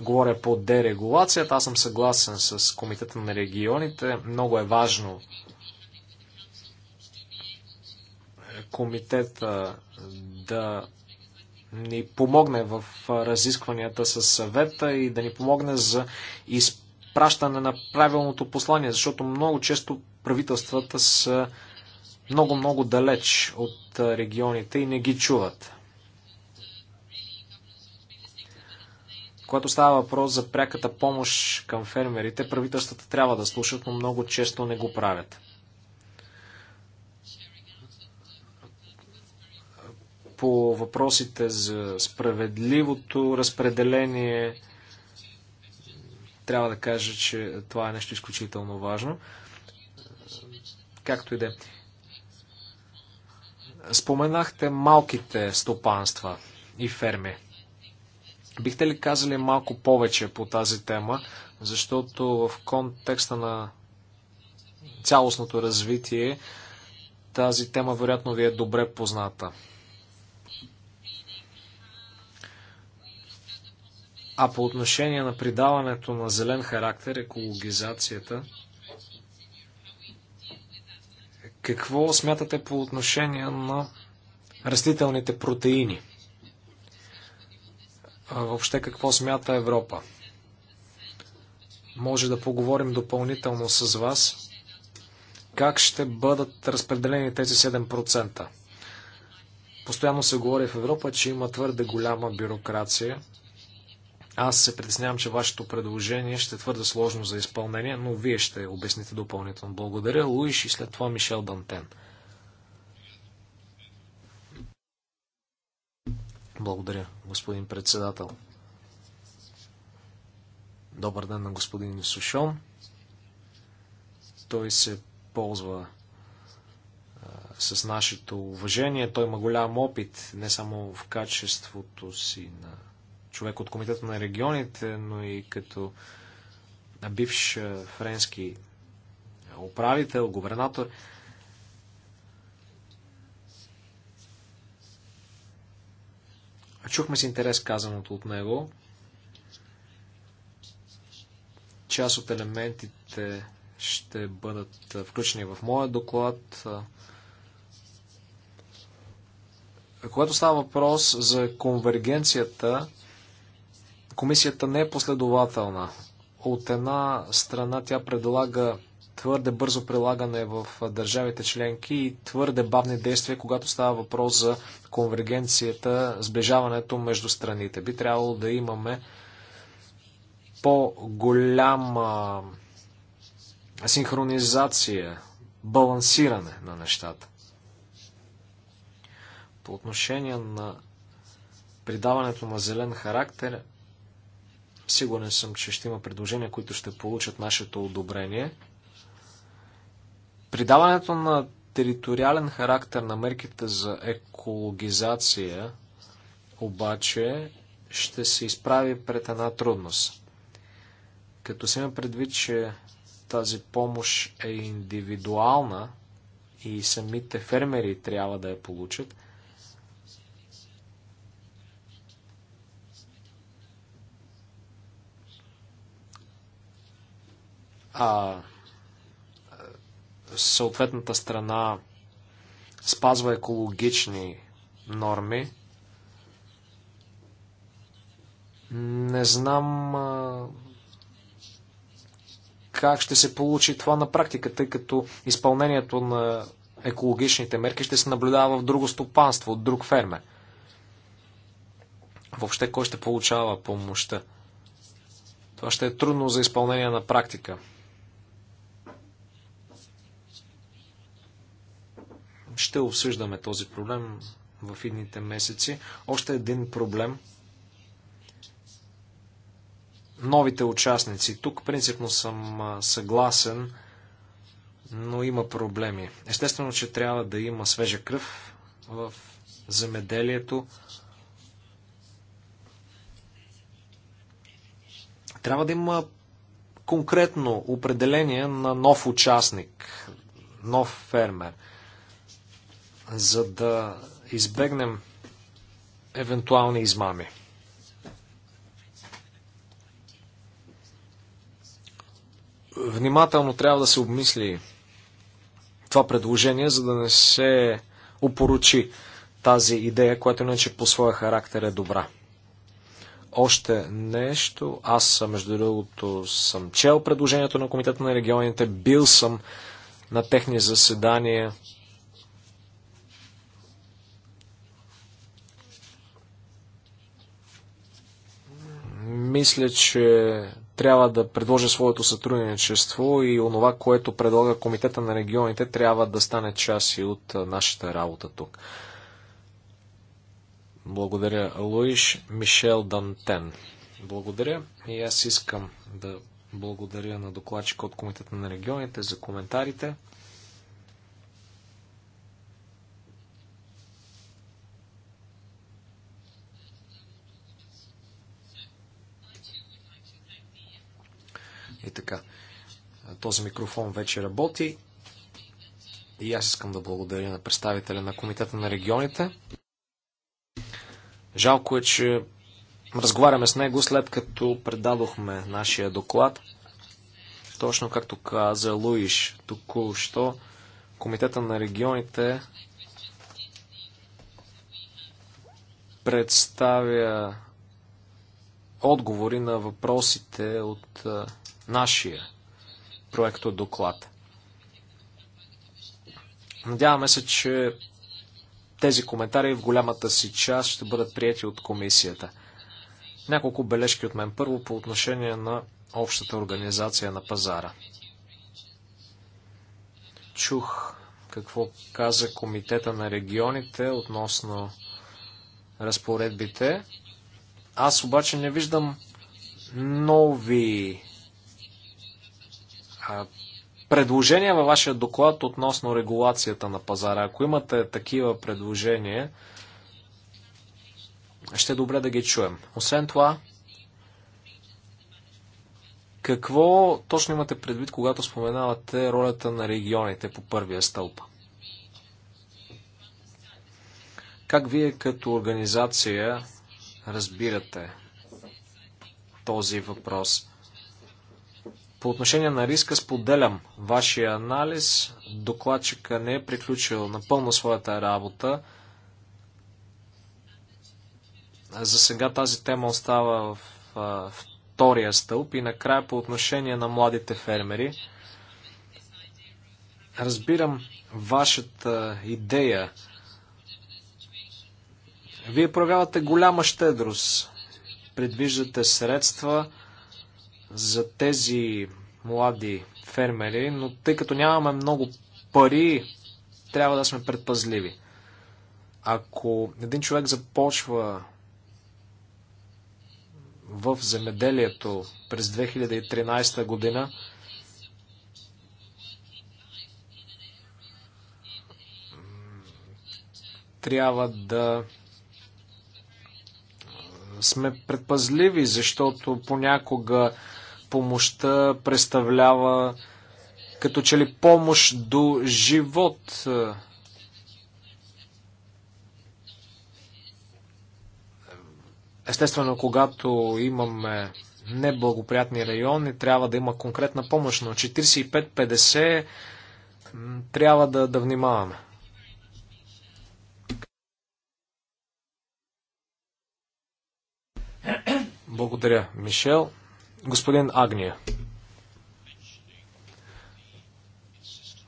говоря по дерегулацията. Аз съм съгласен с Комитета на регионите. Много е важно комитета да ни помогне в разискванията с съвета и да ни помогне за изпращане на правилното послание, защото много често правителствата са много-много далеч от регионите и не ги чуват. Когато става въпрос за пряката помощ към фермерите, правителствата трябва да слушат, но много често не го правят. по въпросите за справедливото разпределение. Трябва да кажа, че това е нещо изключително важно. Както и да. Е. Споменахте малките стопанства и ферми. Бихте ли казали малко повече по тази тема, защото в контекста на цялостното развитие тази тема вероятно ви е добре позната. А по отношение на придаването на зелен характер, екологизацията, какво смятате по отношение на растителните протеини? Въобще какво смята Европа? Може да поговорим допълнително с вас. Как ще бъдат разпределени тези 7%? Постоянно се говори в Европа, че има твърде голяма бюрокрация. Аз се притеснявам, че вашето предложение ще е твърде сложно за изпълнение, но вие ще обясните допълнително. Благодаря, Луиш и след това Мишел Дантен. Благодаря, господин председател. Добър ден на господин Сушон. Той се ползва с нашето уважение. Той има голям опит, не само в качеството си на човек от Комитета на регионите, но и като бивш френски управител, губернатор. Чухме с интерес казаното от него. Част от елементите ще бъдат включени в моя доклад. Когато става въпрос за конвергенцията, Комисията не е последователна. От една страна тя предлага твърде бързо прилагане в държавите членки и твърде бавни действия, когато става въпрос за конвергенцията, сближаването между страните. Би трябвало да имаме по-голяма синхронизация, балансиране на нещата. По отношение на придаването на зелен характер, Сигурен съм, че ще има предложения, които ще получат нашето одобрение. Придаването на териториален характер на мерките за екологизация обаче ще се изправи пред една трудност. Като се има предвид, че тази помощ е индивидуална и самите фермери трябва да я получат – а, съответната страна спазва екологични норми. Не знам а, как ще се получи това на практика, тъй като изпълнението на екологичните мерки ще се наблюдава в друго стопанство, от друг фермер. Въобще кой ще получава помощта? Това ще е трудно за изпълнение на практика. Ще обсъждаме този проблем в идните месеци. Още един проблем. Новите участници. Тук принципно съм съгласен, но има проблеми. Естествено, че трябва да има свежа кръв в земеделието. Трябва да има конкретно определение на нов участник, нов фермер – за да избегнем евентуални измами. Внимателно трябва да се обмисли това предложение, за да не се опоручи тази идея, която иначе по своя характер е добра. Още нещо. Аз, между другото, съм чел предложението на Комитета на регионите, бил съм на техни заседания, Мисля, че трябва да предложа своето сътрудничество и онова, което предлага Комитета на регионите, трябва да стане част и от нашата работа тук. Благодаря, Луиш Мишел Дантен. Благодаря и аз искам да благодаря на докладчика от Комитета на регионите за коментарите. така. Този микрофон вече работи. И аз искам да благодаря на представителя на Комитета на регионите. Жалко е, че разговаряме с него след като предадохме нашия доклад. Точно както каза Луиш току-що, Комитета на регионите представя отговори на въпросите от нашия от доклад. Надяваме се, че тези коментари в голямата си част ще бъдат прияти от комисията. Няколко бележки от мен. Първо по отношение на общата организация на пазара. Чух какво каза Комитета на регионите относно разпоредбите. Аз обаче не виждам нови предложения във вашия доклад относно регулацията на пазара. Ако имате такива предложения, ще е добре да ги чуем. Освен това, какво точно имате предвид, когато споменавате ролята на регионите по първия стълб? Как вие като организация разбирате този въпрос? По отношение на риска споделям вашия анализ. Докладчика не е приключил напълно своята работа. За сега тази тема остава в втория стълб и накрая по отношение на младите фермери. Разбирам вашата идея. Вие проявявате голяма щедрост. Предвиждате средства, за тези млади фермери, но тъй като нямаме много пари, трябва да сме предпазливи. Ако един човек започва в земеделието през 2013 година, трябва да сме предпазливи, защото понякога помощта представлява като че ли помощ до живот. Естествено, когато имаме неблагоприятни райони, трябва да има конкретна помощ, но 45-50 трябва да, да внимаваме. Благодаря, Мишел. Господин Агния.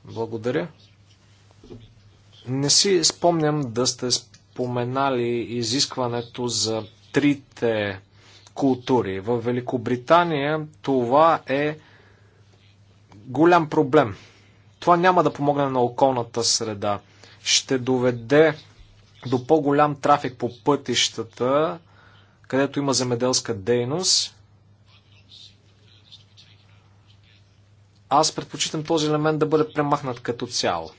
Благодаря. Не си спомням да сте споменали изискването за трите култури. В Великобритания това е голям проблем. Това няма да помогне на околната среда. Ще доведе до по-голям трафик по пътищата, където има земеделска дейност Аз предпочитам този елемент да бъде премахнат като цяло.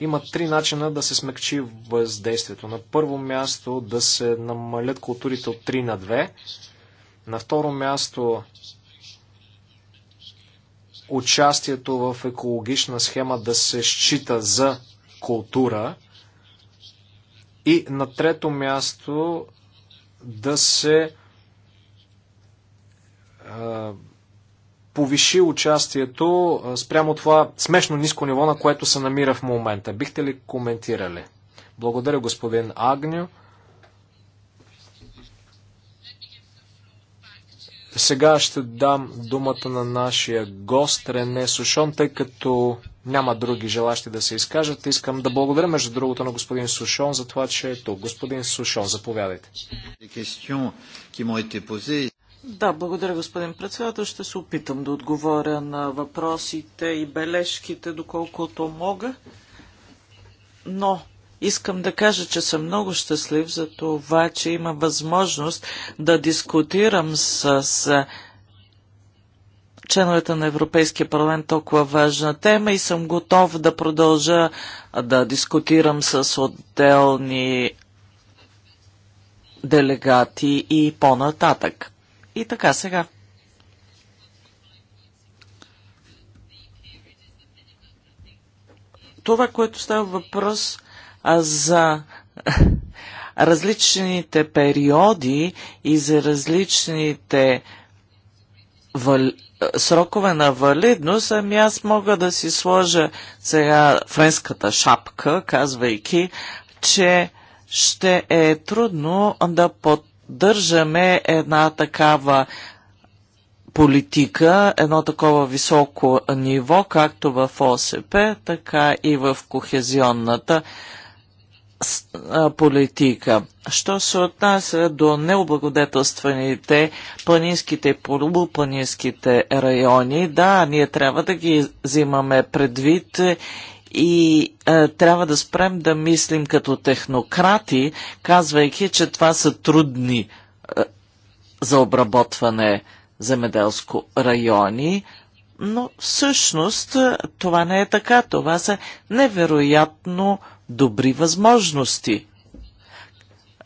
Има три начина да се смекчи въздействието. На първо място да се намалят културите от 3 на 2. На второ място участието в екологична схема да се счита за култура. И на трето място да се повиши участието спрямо това смешно ниско ниво, на което се намира в момента. Бихте ли коментирали? Благодаря, господин Агню. Сега ще дам думата на нашия гост Рене Сушон, тъй като няма други желащи да се изкажат. Искам да благодаря, между другото, на господин Сушон за това, че е тук. Господин Сушон, заповядайте. Да, благодаря, господин председател. Ще се опитам да отговоря на въпросите и бележките, доколкото мога. Но искам да кажа, че съм много щастлив за това, че има възможност да дискутирам с, с членовете на Европейския парламент толкова важна тема и съм готов да продължа да дискутирам с отделни делегати и по-нататък. И така сега. Това, което става въпрос а, за различните периоди и за различните вал... срокове на валидност, ами аз мога да си сложа сега френската шапка, казвайки, че ще е трудно да под поддържаме една такава политика, едно такова високо ниво, както в ОСП, така и в кохезионната политика. Що се отнася до необлагодетелстваните планинските и полупланинските райони, да, ние трябва да ги взимаме предвид и е, трябва да спрем да мислим като технократи, казвайки, че това са трудни е, за обработване земеделско райони, но всъщност е, това не е така. Това са невероятно добри възможности.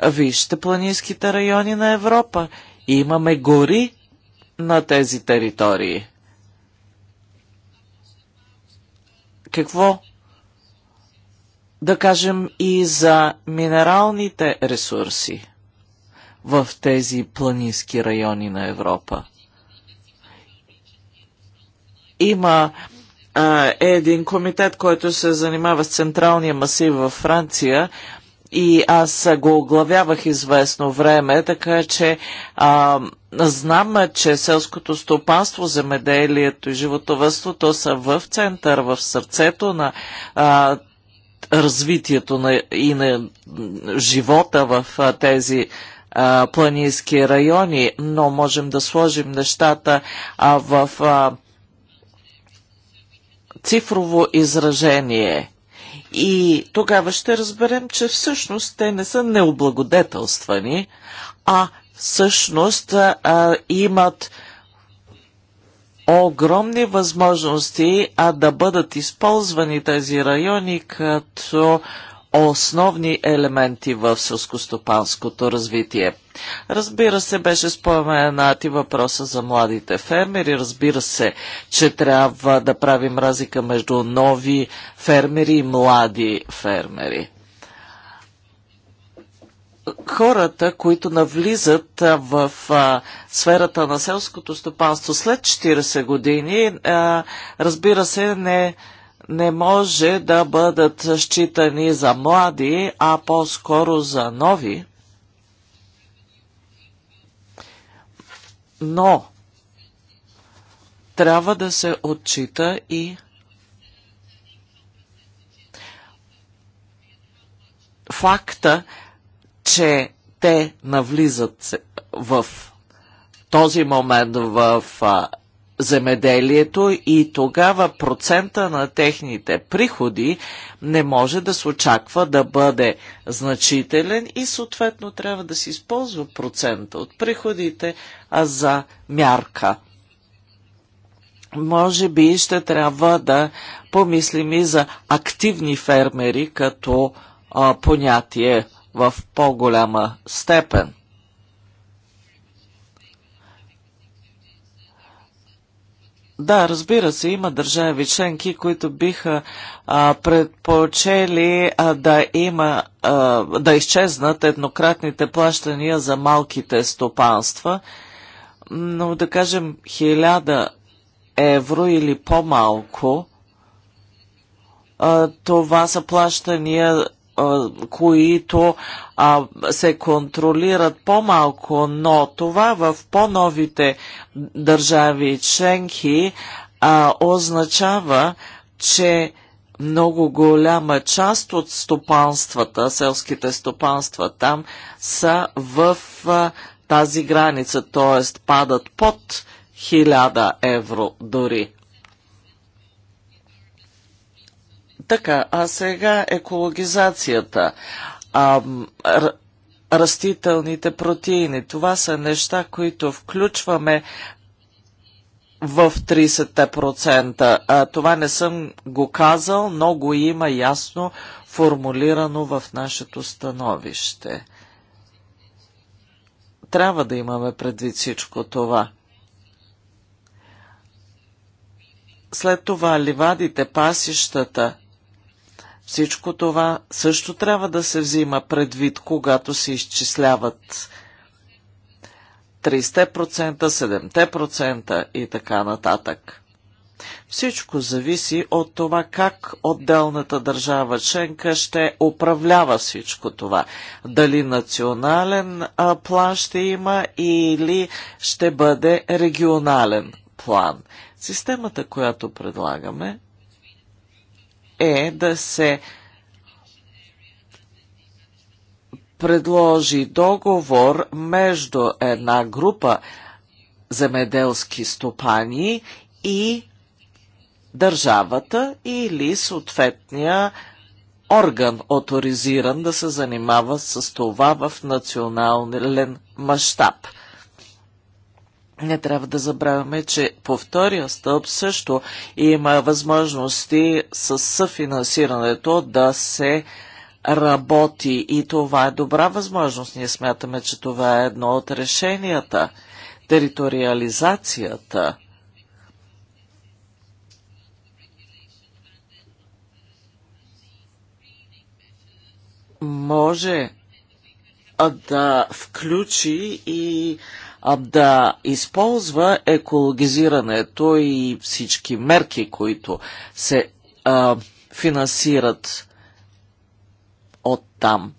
Вижте планинските райони на Европа. Имаме гори на тези територии. Какво да кажем и за минералните ресурси в тези планински райони на Европа. Има е един комитет, който се занимава с Централния масив във Франция и аз го оглавявах известно време, така че а, знам, че селското стопанство, земеделието и животовъдството са в център, в сърцето на а, развитието на, и на живота в тези а, планински райони, но можем да сложим нещата а, в а, цифрово изражение. И тогава ще разберем, че всъщност те не са необлагодетелствани, а всъщност а, имат огромни възможности, а да бъдат използвани тези райони като основни елементи в сълскостопанското развитие. Разбира се, беше споменат и въпроса за младите фермери. Разбира се, че трябва да правим разлика между нови фермери и млади фермери хората, които навлизат в сферата на селското стопанство след 40 години, разбира се, не, не може да бъдат считани за млади, а по-скоро за нови. Но трябва да се отчита и факта, че те навлизат в този момент в земеделието и тогава процента на техните приходи не може да се очаква да бъде значителен и съответно трябва да се използва процента от приходите а за мярка. Може би ще трябва да помислим и за активни фермери като а, понятие в по-голяма степен. Да, разбира се, има държави членки, които биха а, предпочели а, да има а, да изчезнат еднократните плащания за малките стопанства, но да кажем 1000 евро или по-малко, това са плащания които а, се контролират по-малко, но това в по-новите държави и членки а, означава, че много голяма част от стопанствата, селските стопанства там са в а, тази граница, т.е. падат под 1000 евро дори. Така, а сега екологизацията. А, растителните протеини. Това са неща, които включваме в 30%. А, това не съм го казал, но го има ясно формулирано в нашето становище. Трябва да имаме предвид всичко това. След това ливадите, пасищата всичко това също трябва да се взима предвид, когато се изчисляват 30%, 7% и така нататък. Всичко зависи от това как отделната държава членка ще управлява всичко това. Дали национален а, план ще има или ще бъде регионален план. Системата, която предлагаме, е да се предложи договор между една група земеделски стопани и държавата или съответния орган авторизиран да се занимава с това в национален мащаб не трябва да забравяме, че по втория стълб също има възможности с съфинансирането да се работи и това е добра възможност. Ние смятаме, че това е едно от решенията. Териториализацията може да включи и да използва екологизирането и всички мерки, които се а, финансират от там.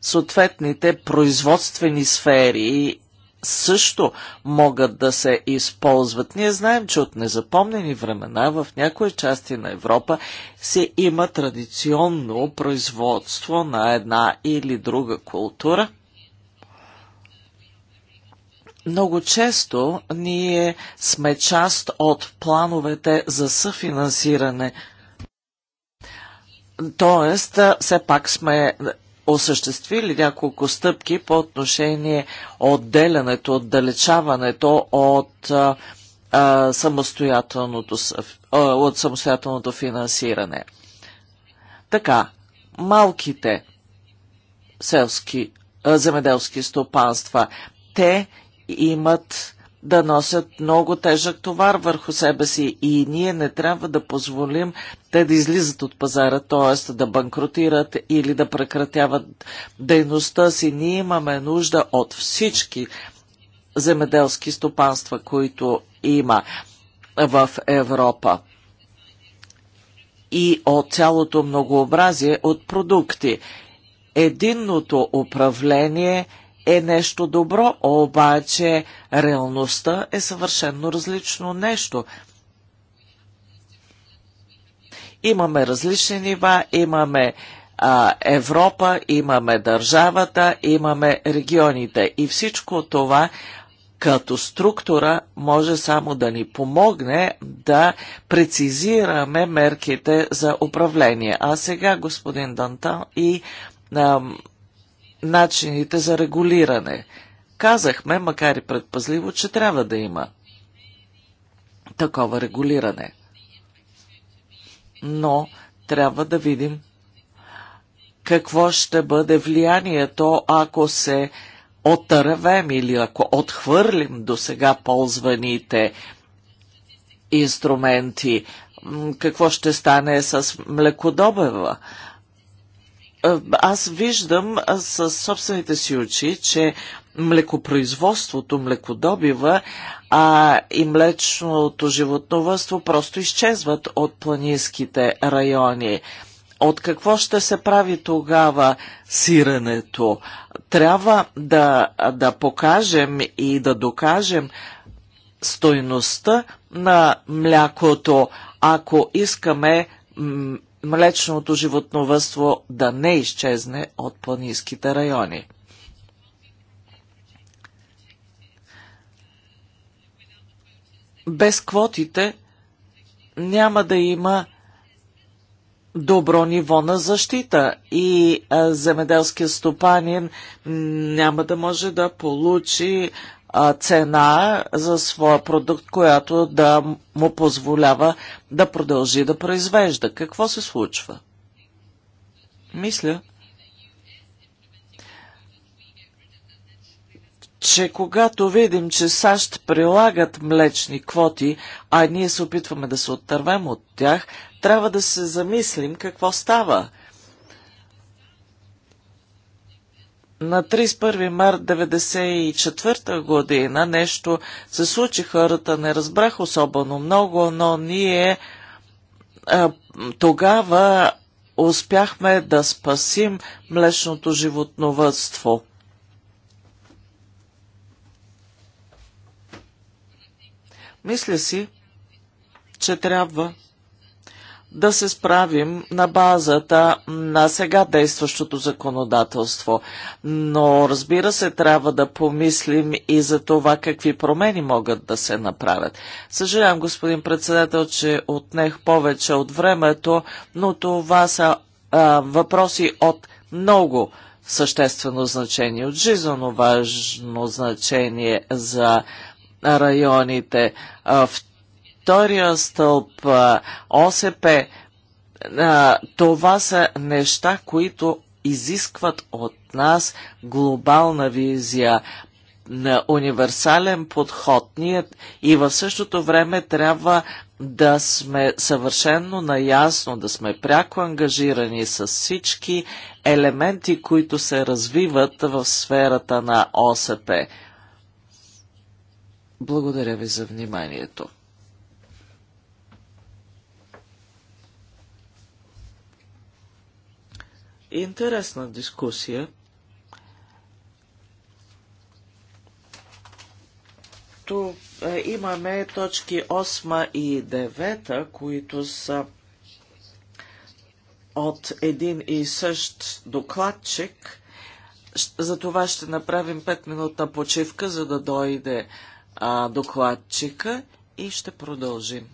Съответните производствени сфери също могат да се използват. Ние знаем, че от незапомнени времена в някои части на Европа се има традиционно производство на една или друга култура – много често ние сме част от плановете за съфинансиране. Тоест, все пак сме осъществили няколко стъпки по отношение отделянето, отдалечаването от самостоятелното, от самостоятелното финансиране. Така, малките селски земеделски стопанства, те имат да носят много тежък товар върху себе си и ние не трябва да позволим те да излизат от пазара, т.е. да банкротират или да прекратяват дейността си. Ние имаме нужда от всички земеделски стопанства, които има в Европа и от цялото многообразие от продукти. Единното управление – е нещо добро, обаче реалността е съвършенно различно нещо. Имаме различни нива, имаме а, Европа, имаме държавата, имаме регионите и всичко това като структура може само да ни помогне да прецизираме мерките за управление. А сега господин Дантан и а, начините за регулиране. Казахме, макар и предпазливо, че трябва да има такова регулиране. Но трябва да видим какво ще бъде влиянието, ако се отървем или ако отхвърлим до сега ползваните инструменти, какво ще стане с млекодобева. Е, аз виждам със собствените си очи, че млекопроизводството, млекодобива а, и млечното животновътство просто изчезват от планинските райони. От какво ще се прави тогава сирането? Трябва да, да покажем и да докажем стойността на млякото, ако искаме млечното животновътство да не изчезне от планинските райони. Без квотите няма да има добро ниво на защита и земеделският земеделския стопанин няма да може да получи цена за своя продукт, която да му позволява да продължи да произвежда. Какво се случва? Мисля, че когато видим, че САЩ прилагат млечни квоти, а ние се опитваме да се отървем от тях, трябва да се замислим какво става – на 31 март 1994 година нещо се случи, хората не разбрах особено много, но ние а, тогава успяхме да спасим млечното животновътство. Мисля си, че трябва да се справим на базата на сега действащото законодателство. Но разбира се, трябва да помислим и за това какви промени могат да се направят. Съжалявам, господин председател, че отнех повече от времето, но това са а, въпроси от много съществено значение, от жизненно важно значение за районите. В втория стълб, ОСП, това са неща, които изискват от нас глобална визия, на универсален подход. Ние и в същото време трябва да сме съвършенно наясно, да сме пряко ангажирани с всички елементи, които се развиват в сферата на ОСП. Благодаря ви за вниманието. интересна дискусия. Ту е, имаме точки 8 и 9, които са от един и същ докладчик. За това ще направим 5-минутна почивка, за да дойде а, докладчика и ще продължим.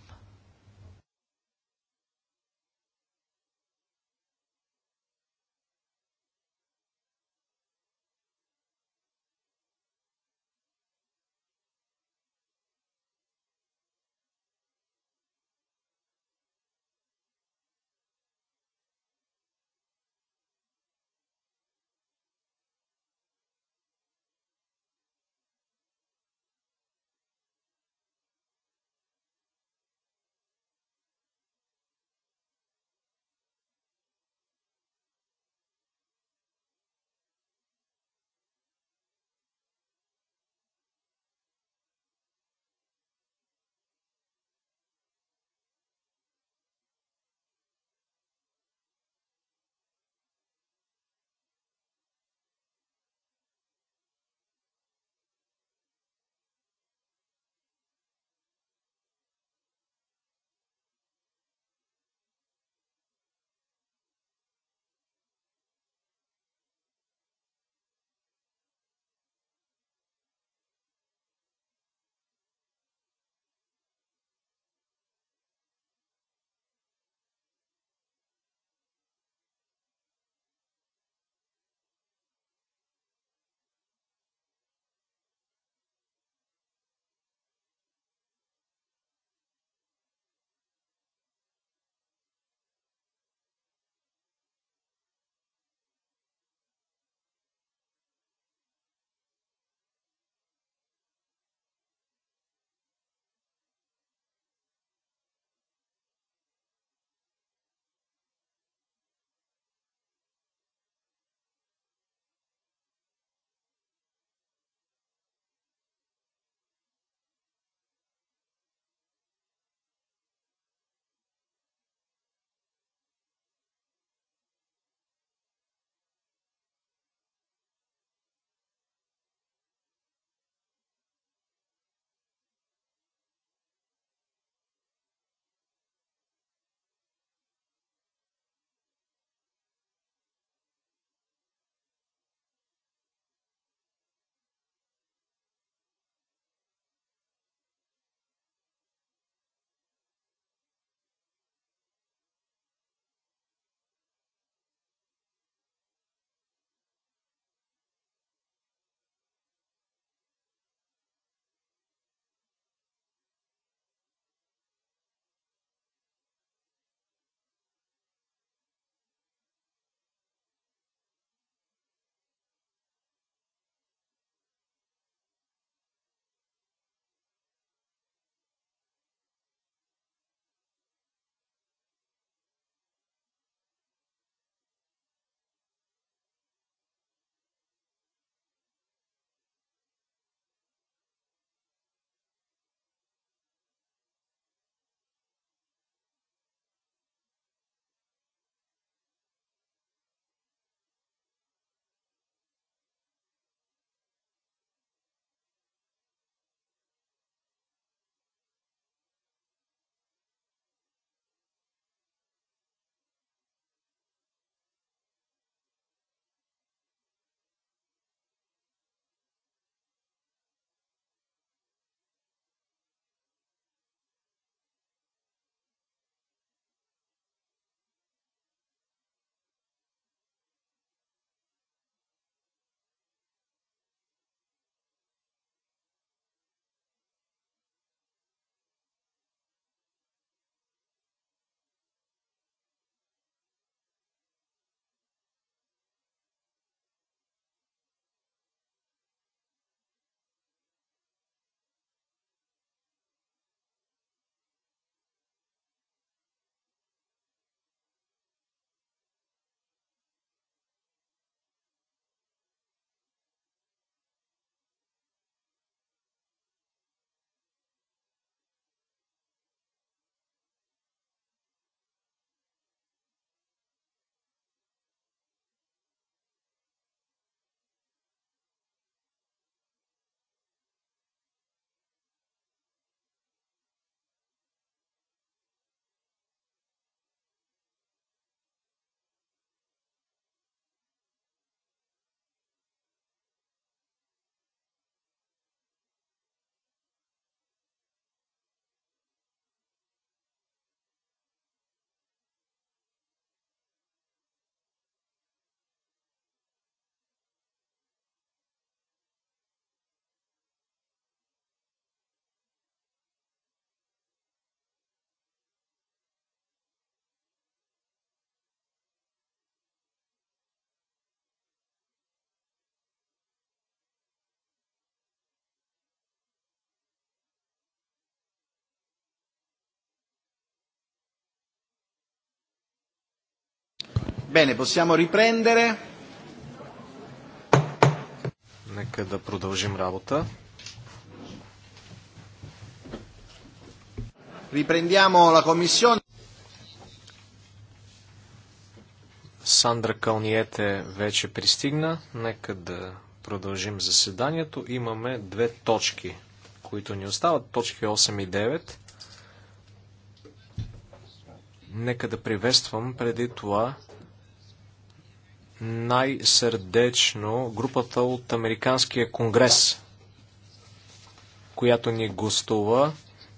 Bene, possiamo riprendere. Нека да продължим работа. Riprendiamo la commissione. Сандра Кълниете вече пристигна. Нека да продължим заседанието. Имаме две точки, които ни остават. Точки 8 и 9. Нека да приветствам преди това най-сърдечно групата от Американския конгрес, която ни гостува.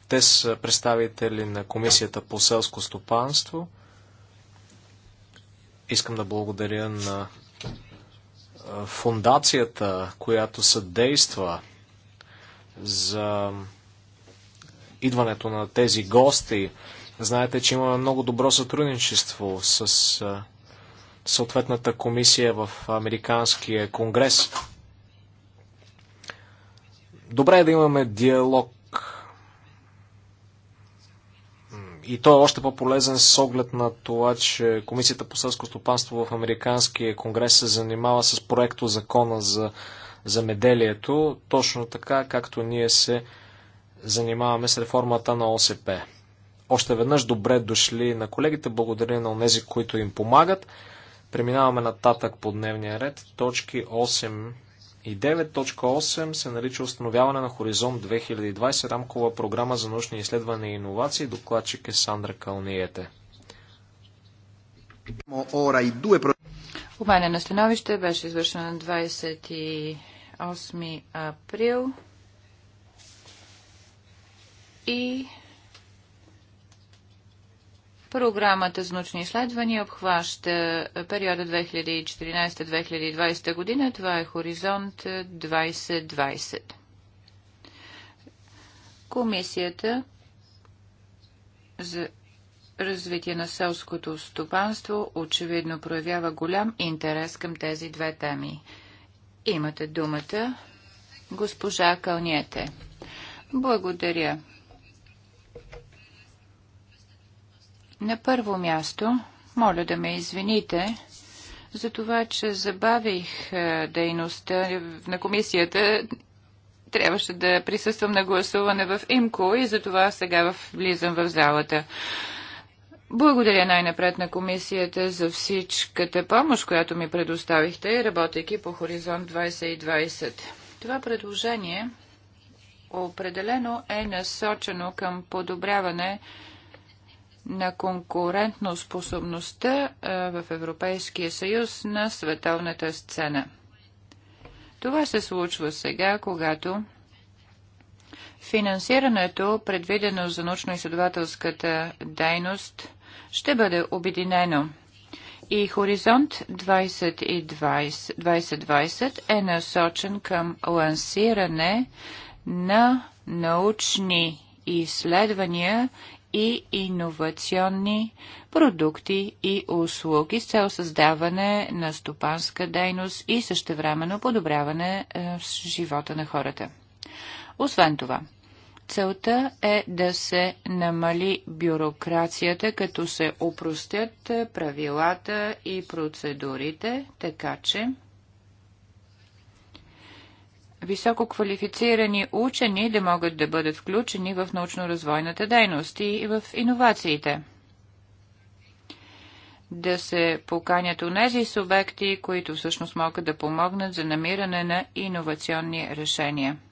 Те са представители на Комисията по селско стопанство. Искам да благодаря на фундацията, която съдейства за идването на тези гости. Знаете, че имаме много добро сътрудничество с съответната комисия в Американския конгрес. Добре е да имаме диалог и той е още по-полезен с оглед на това, че Комисията по селско стопанство в Американския конгрес се занимава с проекто закона за замеделието, точно така, както ние се занимаваме с реформата на ОСП. Още веднъж добре дошли на колегите, благодаря на тези, които им помагат. Преминаваме нататък по дневния ред. Точки 8 и 9. Точка 8 се нарича Установяване на Хоризонт 2020, рамкова програма за научни изследвания и иновации. Докладчик е Сандра Кълниете. Обмене на становище беше извършено на 28 април и Програмата за научни изследвания обхваща периода 2014-2020 година. Това е хоризонт 2020. Комисията за развитие на селското стопанство очевидно проявява голям интерес към тези две теми. Имате думата, госпожа Кълниете. Благодаря. На първо място, моля да ме извините за това, че забавих е, дейността на комисията. Трябваше да присъствам на гласуване в ИМКО и за това сега влизам в залата. Благодаря най-напред на комисията за всичката помощ, която ми предоставихте, работейки по Хоризонт 2020. Това предложение определено е насочено към подобряване на на конкурентно способността е, в Европейския съюз на световната сцена. Това се случва сега, когато финансирането, предвидено за научно-изследователската дейност, ще бъде обединено. И Хоризонт 2020, е насочен към лансиране на научни изследвания и иновационни продукти и услуги с цел създаване на стопанска дейност и същевременно подобряване в е, живота на хората. Освен това, Целта е да се намали бюрокрацията, като се опростят е, правилата и процедурите, така че високо квалифицирани учени да могат да бъдат включени в научно-развойната дейност и в иновациите. Да се поканят у нези субекти, които всъщност могат да помогнат за намиране на иновационни решения –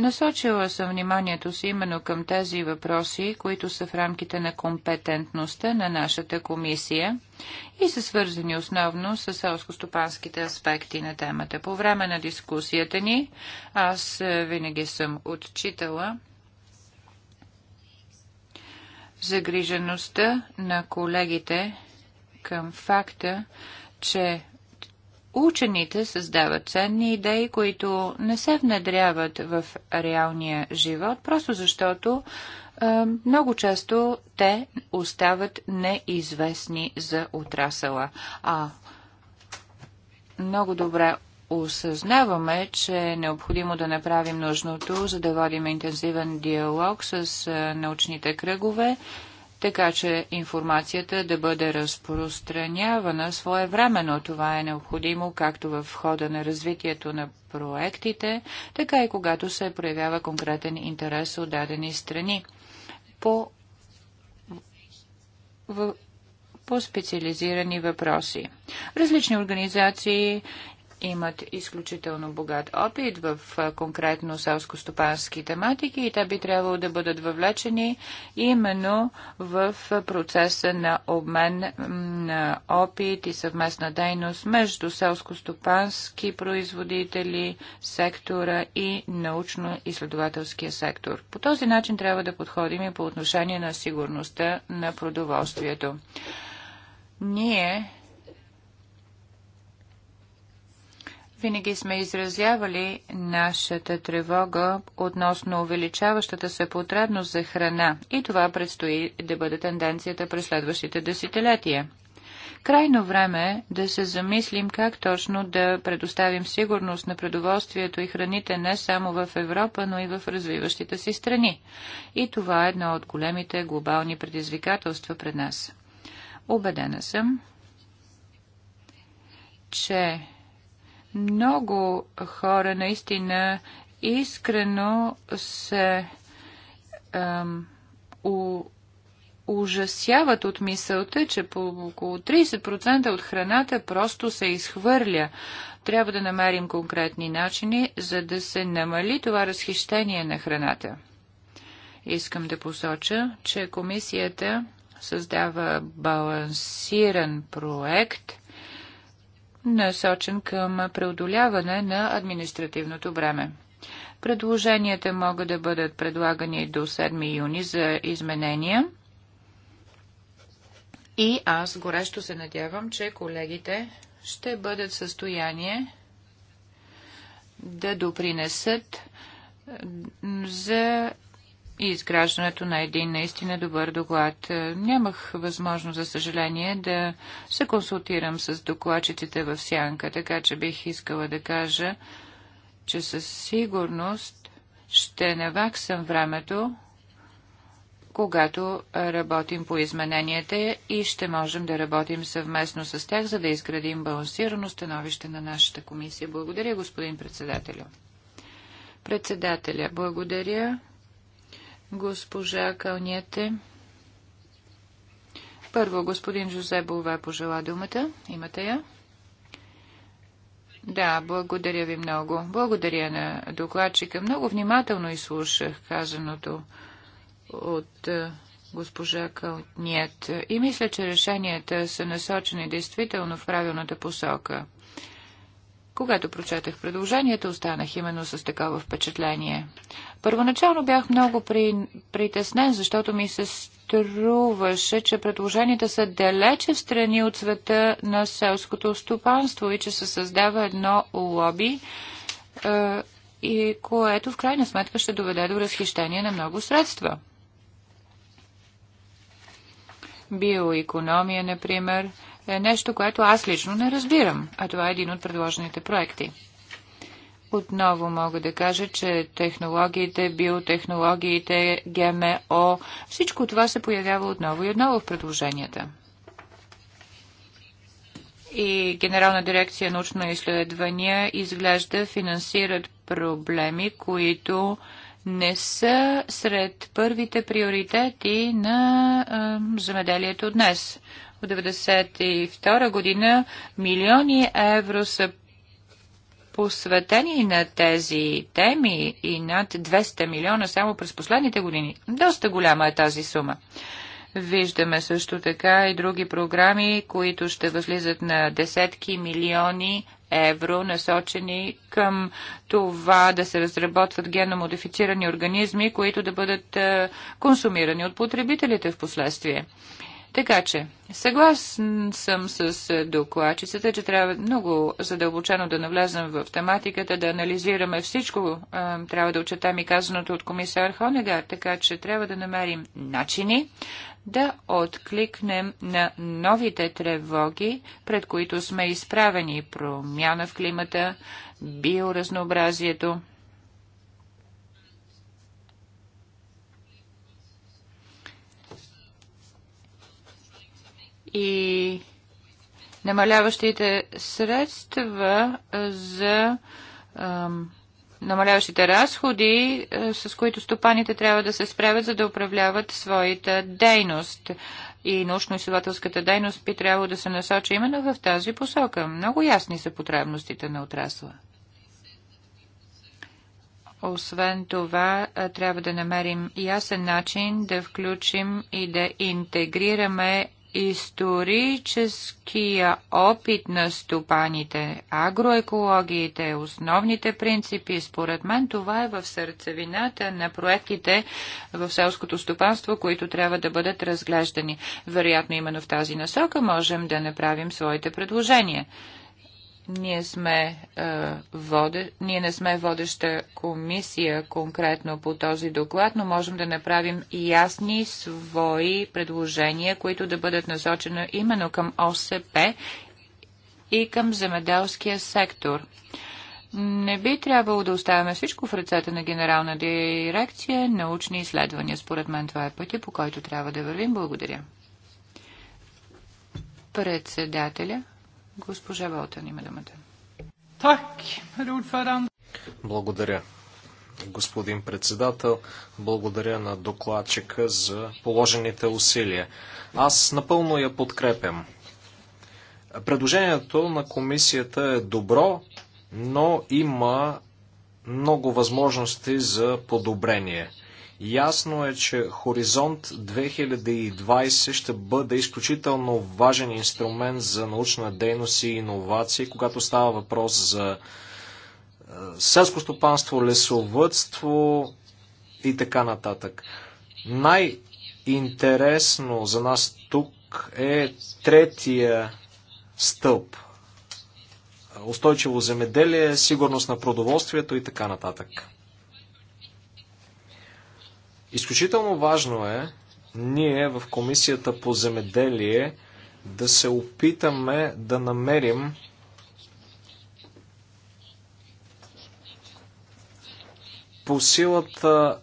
Насочила съм вниманието си именно към тези въпроси, които са в рамките на компетентността на нашата комисия и са свързани основно с селско-стопанските аспекти на темата. По време на дискусията ни аз е, винаги съм отчитала загрижеността на колегите към факта, че учените създават ценни идеи, които не се внедряват в реалния живот, просто защото е, много често те остават неизвестни за отрасъла. А много добре осъзнаваме, че е необходимо да направим нужното, за да водим интензивен диалог с научните кръгове така че информацията да бъде разпространявана своевременно. Това е необходимо както в хода на развитието на проектите, така и когато се проявява конкретен интерес от дадени страни. По, в, по специализирани въпроси. Различни организации имат изключително богат опит в конкретно селско-стопански тематики и те би трябвало да бъдат въвлечени именно в процеса на обмен на опит и съвместна дейност между селско-стопански производители, сектора и научно-изследователския сектор. По този начин трябва да подходим и по отношение на сигурността на продоволствието. Ние Винаги сме изразявали нашата тревога относно увеличаващата се потребност за храна и това предстои да бъде тенденцията през следващите десетилетия. Крайно време е да се замислим как точно да предоставим сигурност на предоволствието и храните не само в Европа, но и в развиващите си страни. И това е едно от големите глобални предизвикателства пред нас. Обедена съм, че много хора наистина искрено се ам, у, ужасяват от мисълта, че по около 30% от храната просто се изхвърля. Трябва да намерим конкретни начини, за да се намали това разхищение на храната. Искам да посоча, че комисията създава балансиран проект – насочен към преодоляване на административното време. Предложенията могат да бъдат предлагани до 7 юни за изменения. И аз горещо се надявам, че колегите ще бъдат в състояние да допринесат за и изграждането на един наистина добър доклад. Е, Нямах възможност, за съжаление, да се консултирам с докладчиците в Сянка, така че бих искала да кажа, че със сигурност ще наваксам времето, когато работим по измененията и ще можем да работим съвместно с тях, за да изградим балансирано становище на нашата комисия. Благодаря, господин председателю. Председателя, благодаря госпожа Калниете. Първо, господин Жозе Булве пожела думата. Имате я? Да, благодаря ви много. Благодаря на докладчика. Много внимателно изслушах казаното от е, госпожа Калнет. и мисля, че решенията са насочени действително в правилната посока. Когато прочетах предложението, останах именно с такова впечатление. Първоначално бях много при... притеснен, защото ми се струваше, че предложенията са далече в страни от света на селското стопанство и че се създава едно лоби, е, и което в крайна сметка ще доведе до разхищение на много средства. Биоекономия, например, е нещо, което аз лично не разбирам, а това е един от предложените проекти. Отново мога да кажа, че технологиите, биотехнологиите, ГМО, всичко това се появява отново и отново в предложенията. И Генерална дирекция научно изследвания изглежда финансират проблеми, които не са сред първите приоритети на е, земеделието днес. В 1992 година милиони евро са посветени на тези теми и над 200 милиона само през последните години. Доста голяма е тази сума. Виждаме също така и други програми, които ще възлизат на десетки милиони евро, насочени към това да се разработват геномодифицирани организми, които да бъдат е, консумирани от потребителите в последствие. Така че, съгласен съм с е, докладчицата, че трябва много задълбочено да навлезем в тематиката, да анализираме всичко. Е, трябва да отчетам и казаното от комисар Хонегар, така че трябва да намерим начини да откликнем на новите тревоги, пред които сме изправени промяна в климата, биоразнообразието и намаляващите средства за намаляващите разходи, е, с които стопаните трябва да се справят, за да управляват своята дейност. И научно-изследователската дейност би трябвало да се насочи именно в тази посока. Много ясни са потребностите на отрасла. Освен това, е, трябва да намерим ясен начин да включим и да интегрираме историческия опит на стопаните, агроекологиите, основните принципи, според мен това е в сърцевината на проектите в селското стопанство, които трябва да бъдат разглеждани. Вероятно именно в тази насока можем да направим своите предложения. Ние, сме, е, воде, ние не сме водеща комисия конкретно по този доклад, но можем да направим ясни свои предложения, които да бъдат насочени именно към ОСП и към земеделския сектор. Не би трябвало да оставяме всичко в ръцете на Генерална дирекция научни изследвания. Според мен това е пътя, по който трябва да вървим. Благодаря. Председателя. Госпожа Валтен има думата. Так, Благодаря, господин председател. Благодаря на докладчика за положените усилия. Аз напълно я подкрепям. Предложението на комисията е добро, но има много възможности за подобрение. Ясно е, че Хоризонт 2020 ще бъде изключително важен инструмент за научна дейност и иновации, когато става въпрос за е, селско стопанство, лесовътство и така нататък. Най-интересно за нас тук е третия стълб. Устойчиво земеделие, сигурност на продоволствието и така нататък. Изключително важно е ние в Комисията по земеделие да се опитаме да намерим по силата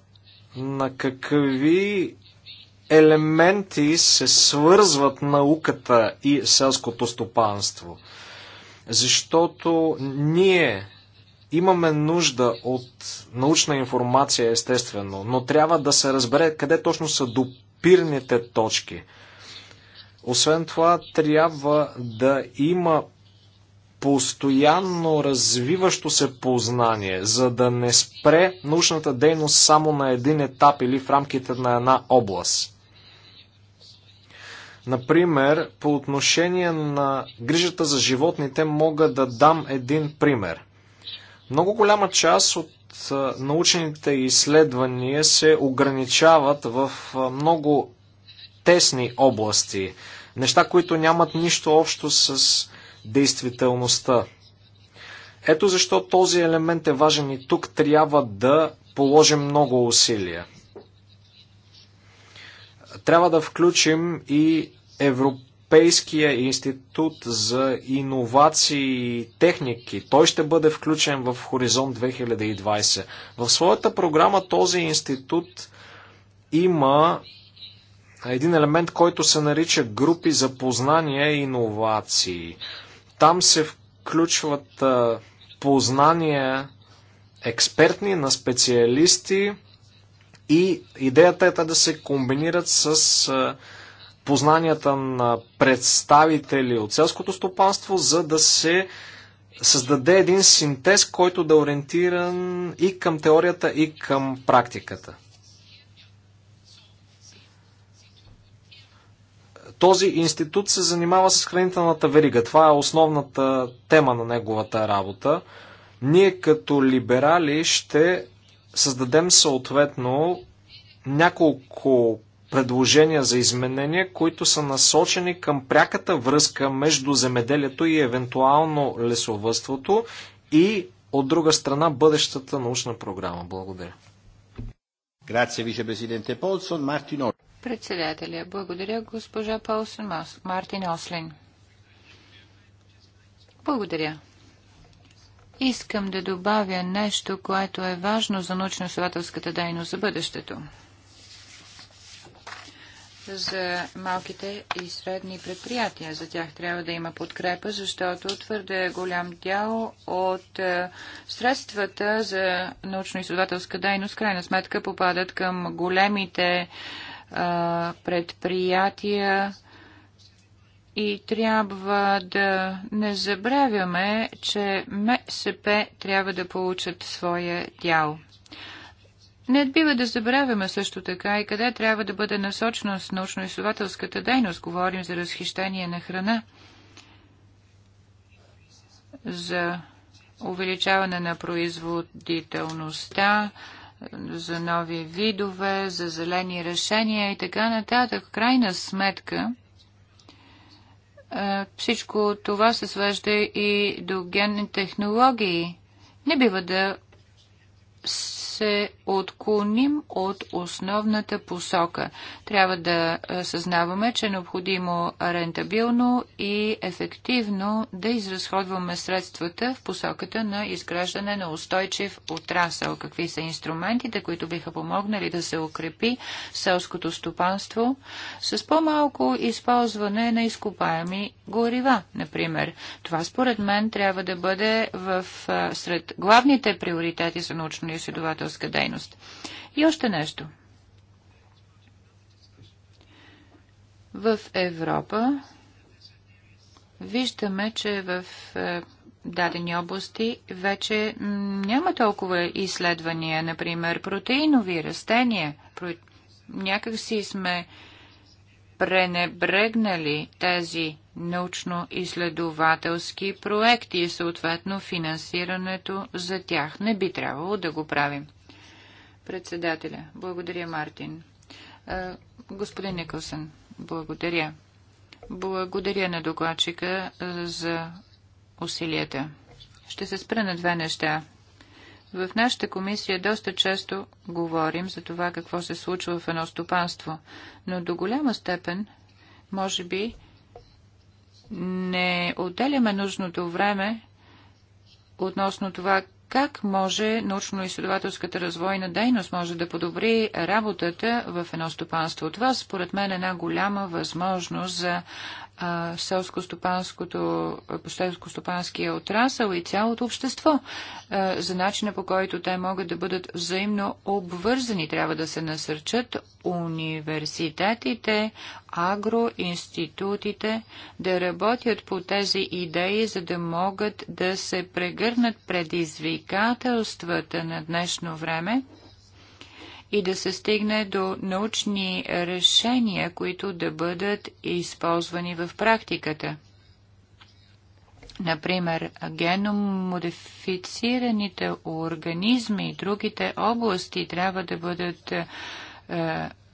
на какви елементи се свързват науката и селското стопанство. Защото ние Имаме нужда от научна информация, естествено, но трябва да се разбере къде точно са допирните точки. Освен това, трябва да има постоянно развиващо се познание, за да не спре научната дейност само на един етап или в рамките на една област. Например, по отношение на грижата за животните мога да дам един пример. Много голяма част от научните изследвания се ограничават в много тесни области. Неща, които нямат нищо общо с действителността. Ето защо този елемент е важен и тук трябва да положим много усилия. Трябва да включим и европейските Европейския институт за иновации и техники. Той ще бъде включен в Хоризонт 2020. В своята програма този институт има един елемент, който се нарича групи за познания и иновации. Там се включват познания експертни на специалисти и идеята е да се комбинират с познанията на представители от селското стопанство, за да се създаде един синтез, който да е ориентиран и към теорията, и към практиката. Този институт се занимава с хранителната верига. Това е основната тема на неговата работа. Ние като либерали ще създадем съответно няколко предложения за изменения, които са насочени към пряката връзка между земеделието и евентуално лесовътството и от друга страна бъдещата научна програма. Благодаря. Грация, вице-президенте Полсон, Мартин Ослин. Председателя, благодаря госпожа Полсон, Мартин Ослин. Благодаря. Искам да добавя нещо, което е важно за научно съвателската дейност за бъдещето за малките и средни предприятия. За тях трябва да има подкрепа, защото твърде голям дял от е, средствата за научно-изследователска дейност, крайна сметка, попадат към големите е, предприятия и трябва да не забравяме, че МСП трябва да получат своя дял. Не бива да забравяме също така и къде трябва да бъде насочена с научно-изследователската дейност. Говорим за разхищение на храна, за увеличаване на производителността, за нови видове, за зелени решения и така нататък. В крайна сметка, всичко това се свежда и до генни технологии. Не бива да се отклоним от основната посока. Трябва да съзнаваме, че е необходимо рентабилно и ефективно да изразходваме средствата в посоката на изграждане на устойчив отрасъл. Какви са инструментите, които биха помогнали да се укрепи селското стопанство с по-малко използване на изкопаеми горива, например. Това според мен трябва да бъде в, сред главните приоритети за научно изследователство изследователска дейност. И още нещо. В Европа виждаме, че в е, дадени области вече няма толкова изследвания, например протеинови растения. Някак си сме пренебрегнали тези научно-изследователски проекти и съответно финансирането за тях. Не би трябвало да го правим. Председателя. Благодаря, Мартин. Господин Никълсън, благодаря. Благодаря на докладчика за усилията. Ще се спра на две неща. В нашата комисия доста често говорим за това какво се случва в едно стопанство, но до голяма степен, може би, не отделяме нужното време относно това как може научно-изследователската развойна дейност може да подобри работата в едно стопанство? Това според мен е една голяма възможност за селско-стопанския отрасъл и цялото общество за начина по който те могат да бъдат взаимно обвързани. Трябва да се насърчат университетите, агроинститутите да работят по тези идеи, за да могат да се прегърнат предизвикателствата на днешно време и да се стигне до научни решения, които да бъдат използвани в практиката. Например, геномодифицираните организми и другите области трябва да бъдат е,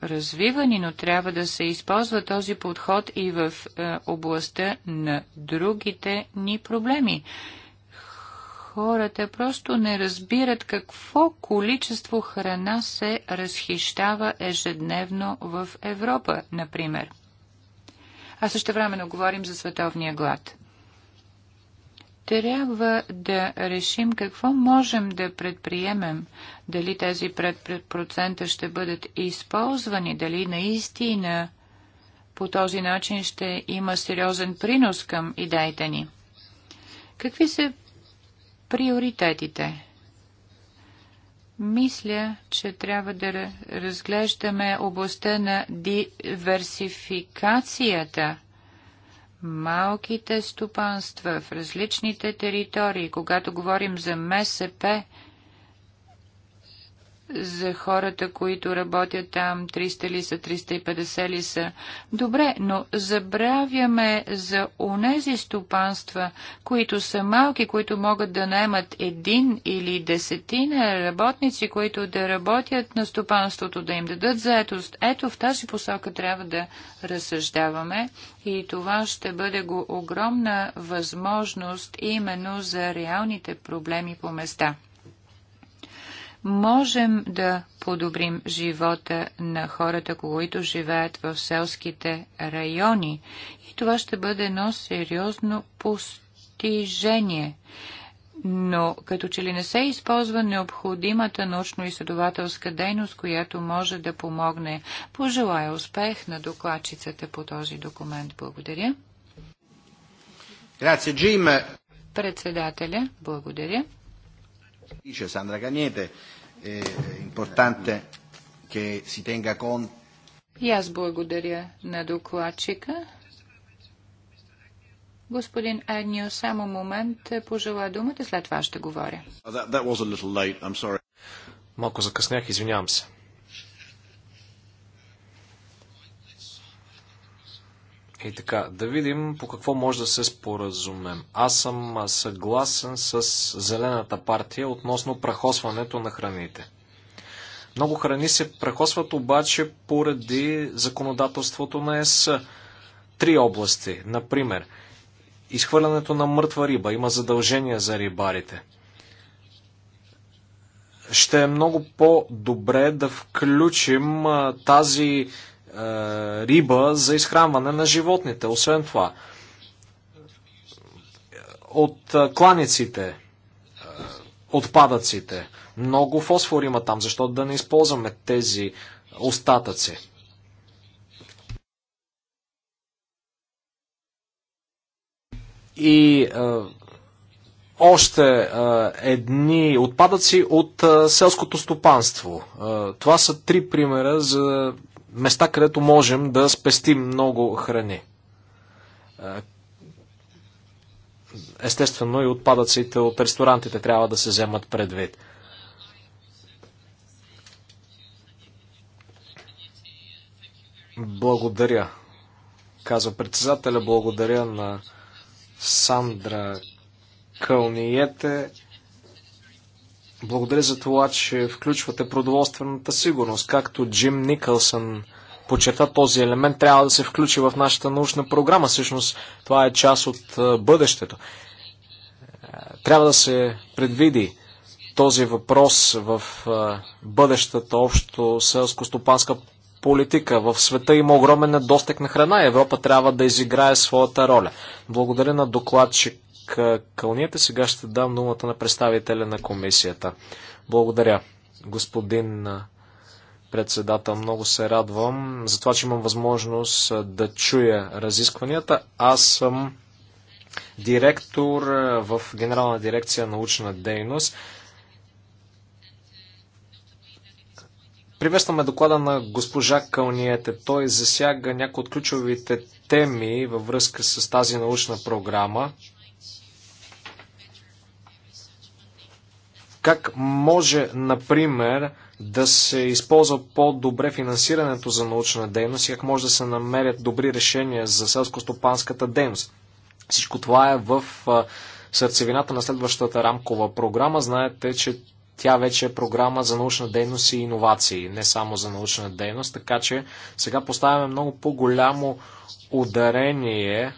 развивани, но трябва да се използва този подход и в е, областта на другите ни проблеми хората просто не разбират какво количество храна се разхищава ежедневно в Европа, например. А също времено говорим за световния глад. Трябва да решим какво можем да предприемем, дали тези процента ще бъдат използвани, дали наистина по този начин ще има сериозен принос към идеите ни. Какви са Приоритетите. Мисля, че трябва да разглеждаме областта на диверсификацията. Малките стопанства в различните територии, когато говорим за МСП, за хората, които работят там, 300 ли са, 350 ли са. Добре, но забравяме за онези стопанства, които са малки, които могат да наемат един или десетина работници, които да работят на стопанството, да им дадат заетост. Ето в тази посока трябва да разсъждаваме и това ще бъде го огромна възможност именно за реалните проблеми по места можем да подобрим живота на хората, които живеят в селските райони. И това ще бъде едно сериозно постижение но като че ли не се използва необходимата научно-изследователска дейност, която може да помогне. Пожелая успех на докладчицата по този документ. Благодаря. Председателя, благодаря. Dice Cagnete, Каньете, eh, importante che si tenga conto. И аз благодаря на докладчика. Господин Еднио, само момент, е, пожелая думата, след това ще говоря. Малко закъснях, извинявам се. И така, да видим по какво може да се споразумем. Аз съм съгласен с Зелената партия относно прахосването на храните. Много храни се прахосват обаче поради законодателството на ЕС. Три области, например, изхвърлянето на мъртва риба. Има задължения за рибарите. Ще е много по-добре да включим тази е, риба за изхранване на животните. Освен това, от е, кланиците, е, отпадъците, много фосфор има там, защото да не използваме тези остатъци. И още а, едни отпадъци от а, селското стопанство. А, това са три примера за места, където можем да спестим много храни. Естествено и отпадъците от ресторантите трябва да се вземат предвид. Благодаря, казва председателя. Благодаря на Сандра Кълниете. Благодаря за това, че включвате продоволствената сигурност. Както Джим Никълсън подчерта този елемент, трябва да се включи в нашата научна програма. Всъщност това е част от бъдещето. Е, трябва да се предвиди този въпрос в бъдещата общо селско-стопанска политика. В света има огромен недостиг на храна и Европа трябва да изиграе своята роля. Благодаря на докладчик Кълнията. Сега ще дам думата на представителя на комисията. Благодаря, господин председател. Много се радвам за това, че имам възможност да чуя разискванията. Аз съм директор в Генерална дирекция научна дейност. Приветстваме доклада на госпожа Кълниете. Той засяга някои от ключовите теми във връзка с тази научна програма. Как може, например, да се използва по-добре финансирането за научна дейност и как може да се намерят добри решения за селско-стопанската дейност? Всичко това е в сърцевината на следващата рамкова програма. Знаете, че тя вече е програма за научна дейност и иновации, не само за научна дейност, така че сега поставяме много по-голямо ударение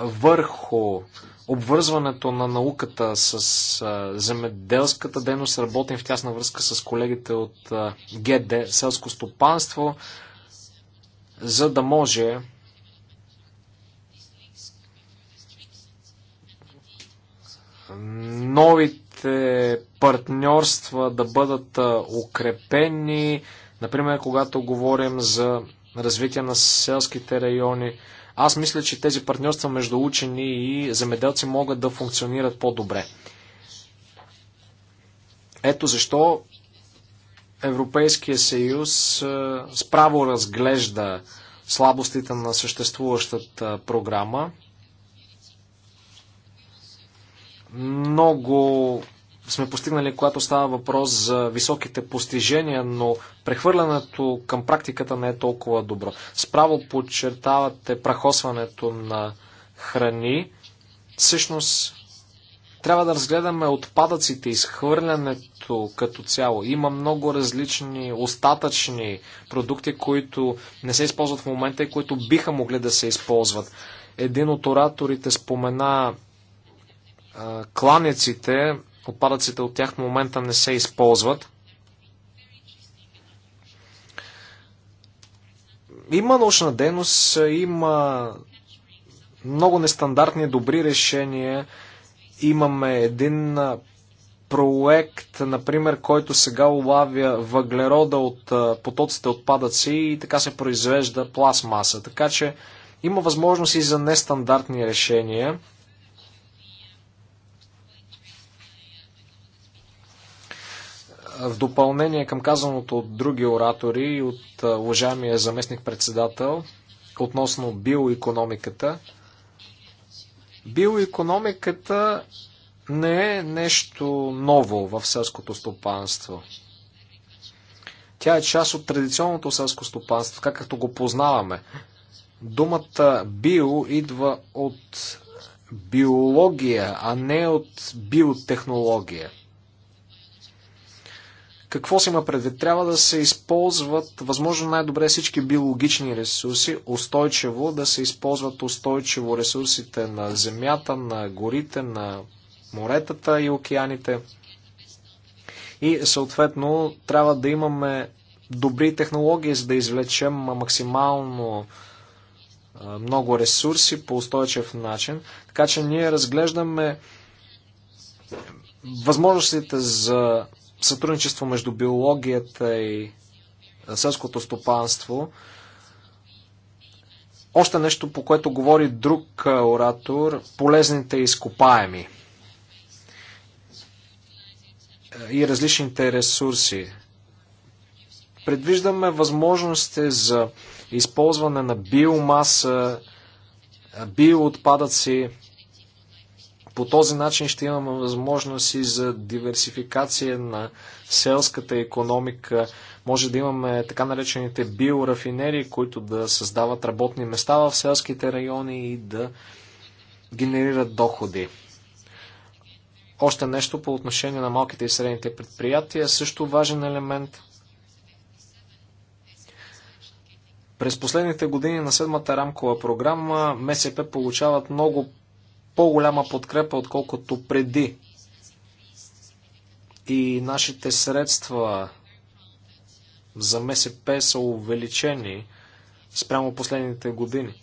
върху обвързването на науката с земеделската дейност. Работим в тясна връзка с колегите от ГД Селско стопанство, за да може новите партньорства да бъдат укрепени, например, когато говорим за развитие на селските райони. Аз мисля, че тези партньорства между учени и земеделци могат да функционират по-добре. Ето защо Европейския съюз справо разглежда слабостите на съществуващата програма. Много сме постигнали, когато става въпрос за високите постижения, но прехвърлянето към практиката не е толкова добро. Справо подчертавате прахосването на храни. Всъщност, трябва да разгледаме отпадъците, изхвърлянето като цяло. Има много различни остатъчни продукти, които не се използват в момента и които биха могли да се използват. Един от ораторите спомена кланеците. Отпадъците от тях в момента не се използват. Има научна дейност, има много нестандартни добри решения. Имаме един проект, например, който сега улавя въглерода от потоците отпадъци и така се произвежда пластмаса. Така че има възможности и за нестандартни решения. В допълнение към казаното от други оратори и от уважаемия заместник-председател относно биоекономиката, биоекономиката не е нещо ново в селското стопанство. Тя е част от традиционното селско стопанство, така както го познаваме. Думата био идва от биология, а не от биотехнология. Какво се има предвид? Трябва да се използват възможно най-добре всички биологични ресурси, устойчиво, да се използват устойчиво ресурсите на земята, на горите, на моретата и океаните. И съответно трябва да имаме добри технологии, за да извлечем максимално много ресурси по устойчив начин. Така че ние разглеждаме възможностите за сътрудничество между биологията и селското стопанство. Още нещо, по което говори друг оратор, полезните изкопаеми е, и различните ресурси. Предвиждаме възможности за използване на биомаса, биоотпадъци, по този начин ще имаме възможности за диверсификация на селската економика. Може да имаме така наречените биорафинери, които да създават работни места в селските райони и да генерират доходи. Още нещо по отношение на малките и средните предприятия, също важен елемент. През последните години на седмата рамкова програма МСП получават много по-голяма подкрепа, отколкото преди. И нашите средства за МСП са увеличени спрямо последните години.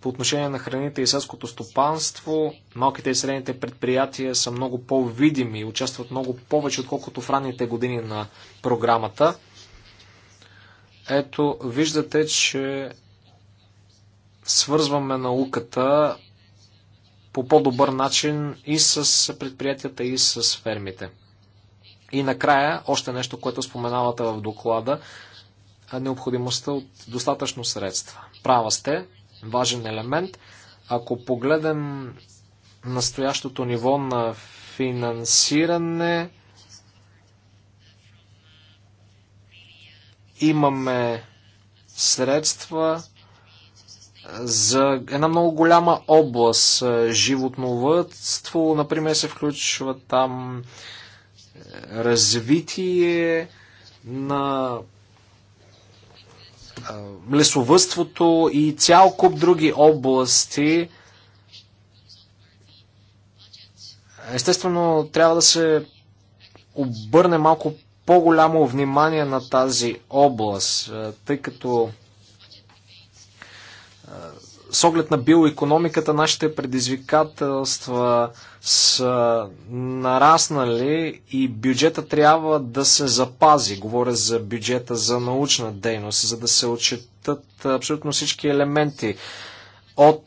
По отношение на храните и селското стопанство, малките и средните предприятия са много по-видими и участват много повече, отколкото в ранните години на програмата. Ето, виждате, че свързваме науката по по-добър начин и с предприятията, и с фермите. И накрая, още нещо, което споменавате в доклада, необходимостта от достатъчно средства. Права сте, важен елемент. Ако погледнем настоящото ниво на финансиране, имаме средства, за една много голяма област. Е, животновътство, например, се включва там е, развитие на е, лесовътството и цял куп други области. Естествено, трябва да се обърне малко по-голямо внимание на тази област, тъй като с оглед на биоекономиката, нашите предизвикателства са нараснали и бюджета трябва да се запази. Говоря за бюджета за научна дейност, за да се отчетат абсолютно всички елементи от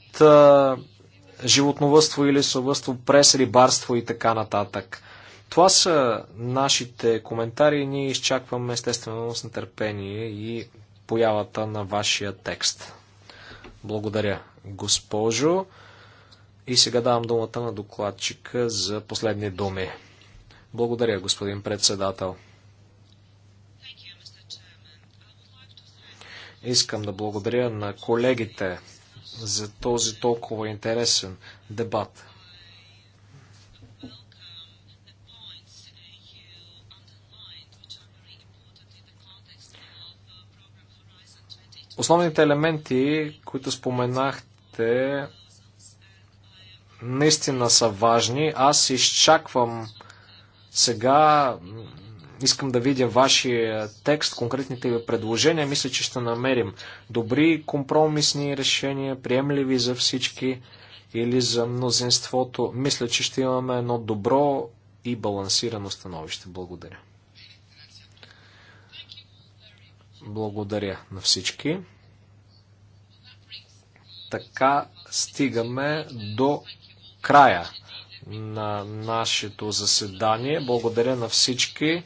животновътство или съвътство през рибарство и така нататък. Това са нашите коментари. Ние изчакваме естествено с нетърпение и появата на вашия текст. Благодаря, госпожо. И сега давам думата на докладчика за последни думи. Благодаря, господин председател. Искам да благодаря на колегите за този толкова интересен дебат. Основните елементи, които споменахте, наистина са важни. Аз изчаквам сега, искам да видя вашия текст, конкретните ви предложения. Мисля, че ще намерим добри компромисни решения, приемливи за всички или за мнозинството. Мисля, че ще имаме едно добро и балансирано становище. Благодаря. Благодаря на всички. Така стигаме до края на нашето заседание. Благодаря на всички.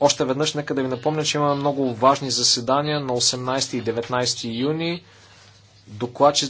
Още веднъж нека да ви напомня, че имаме много важни заседания на 18 и 19 юни. Докладчиците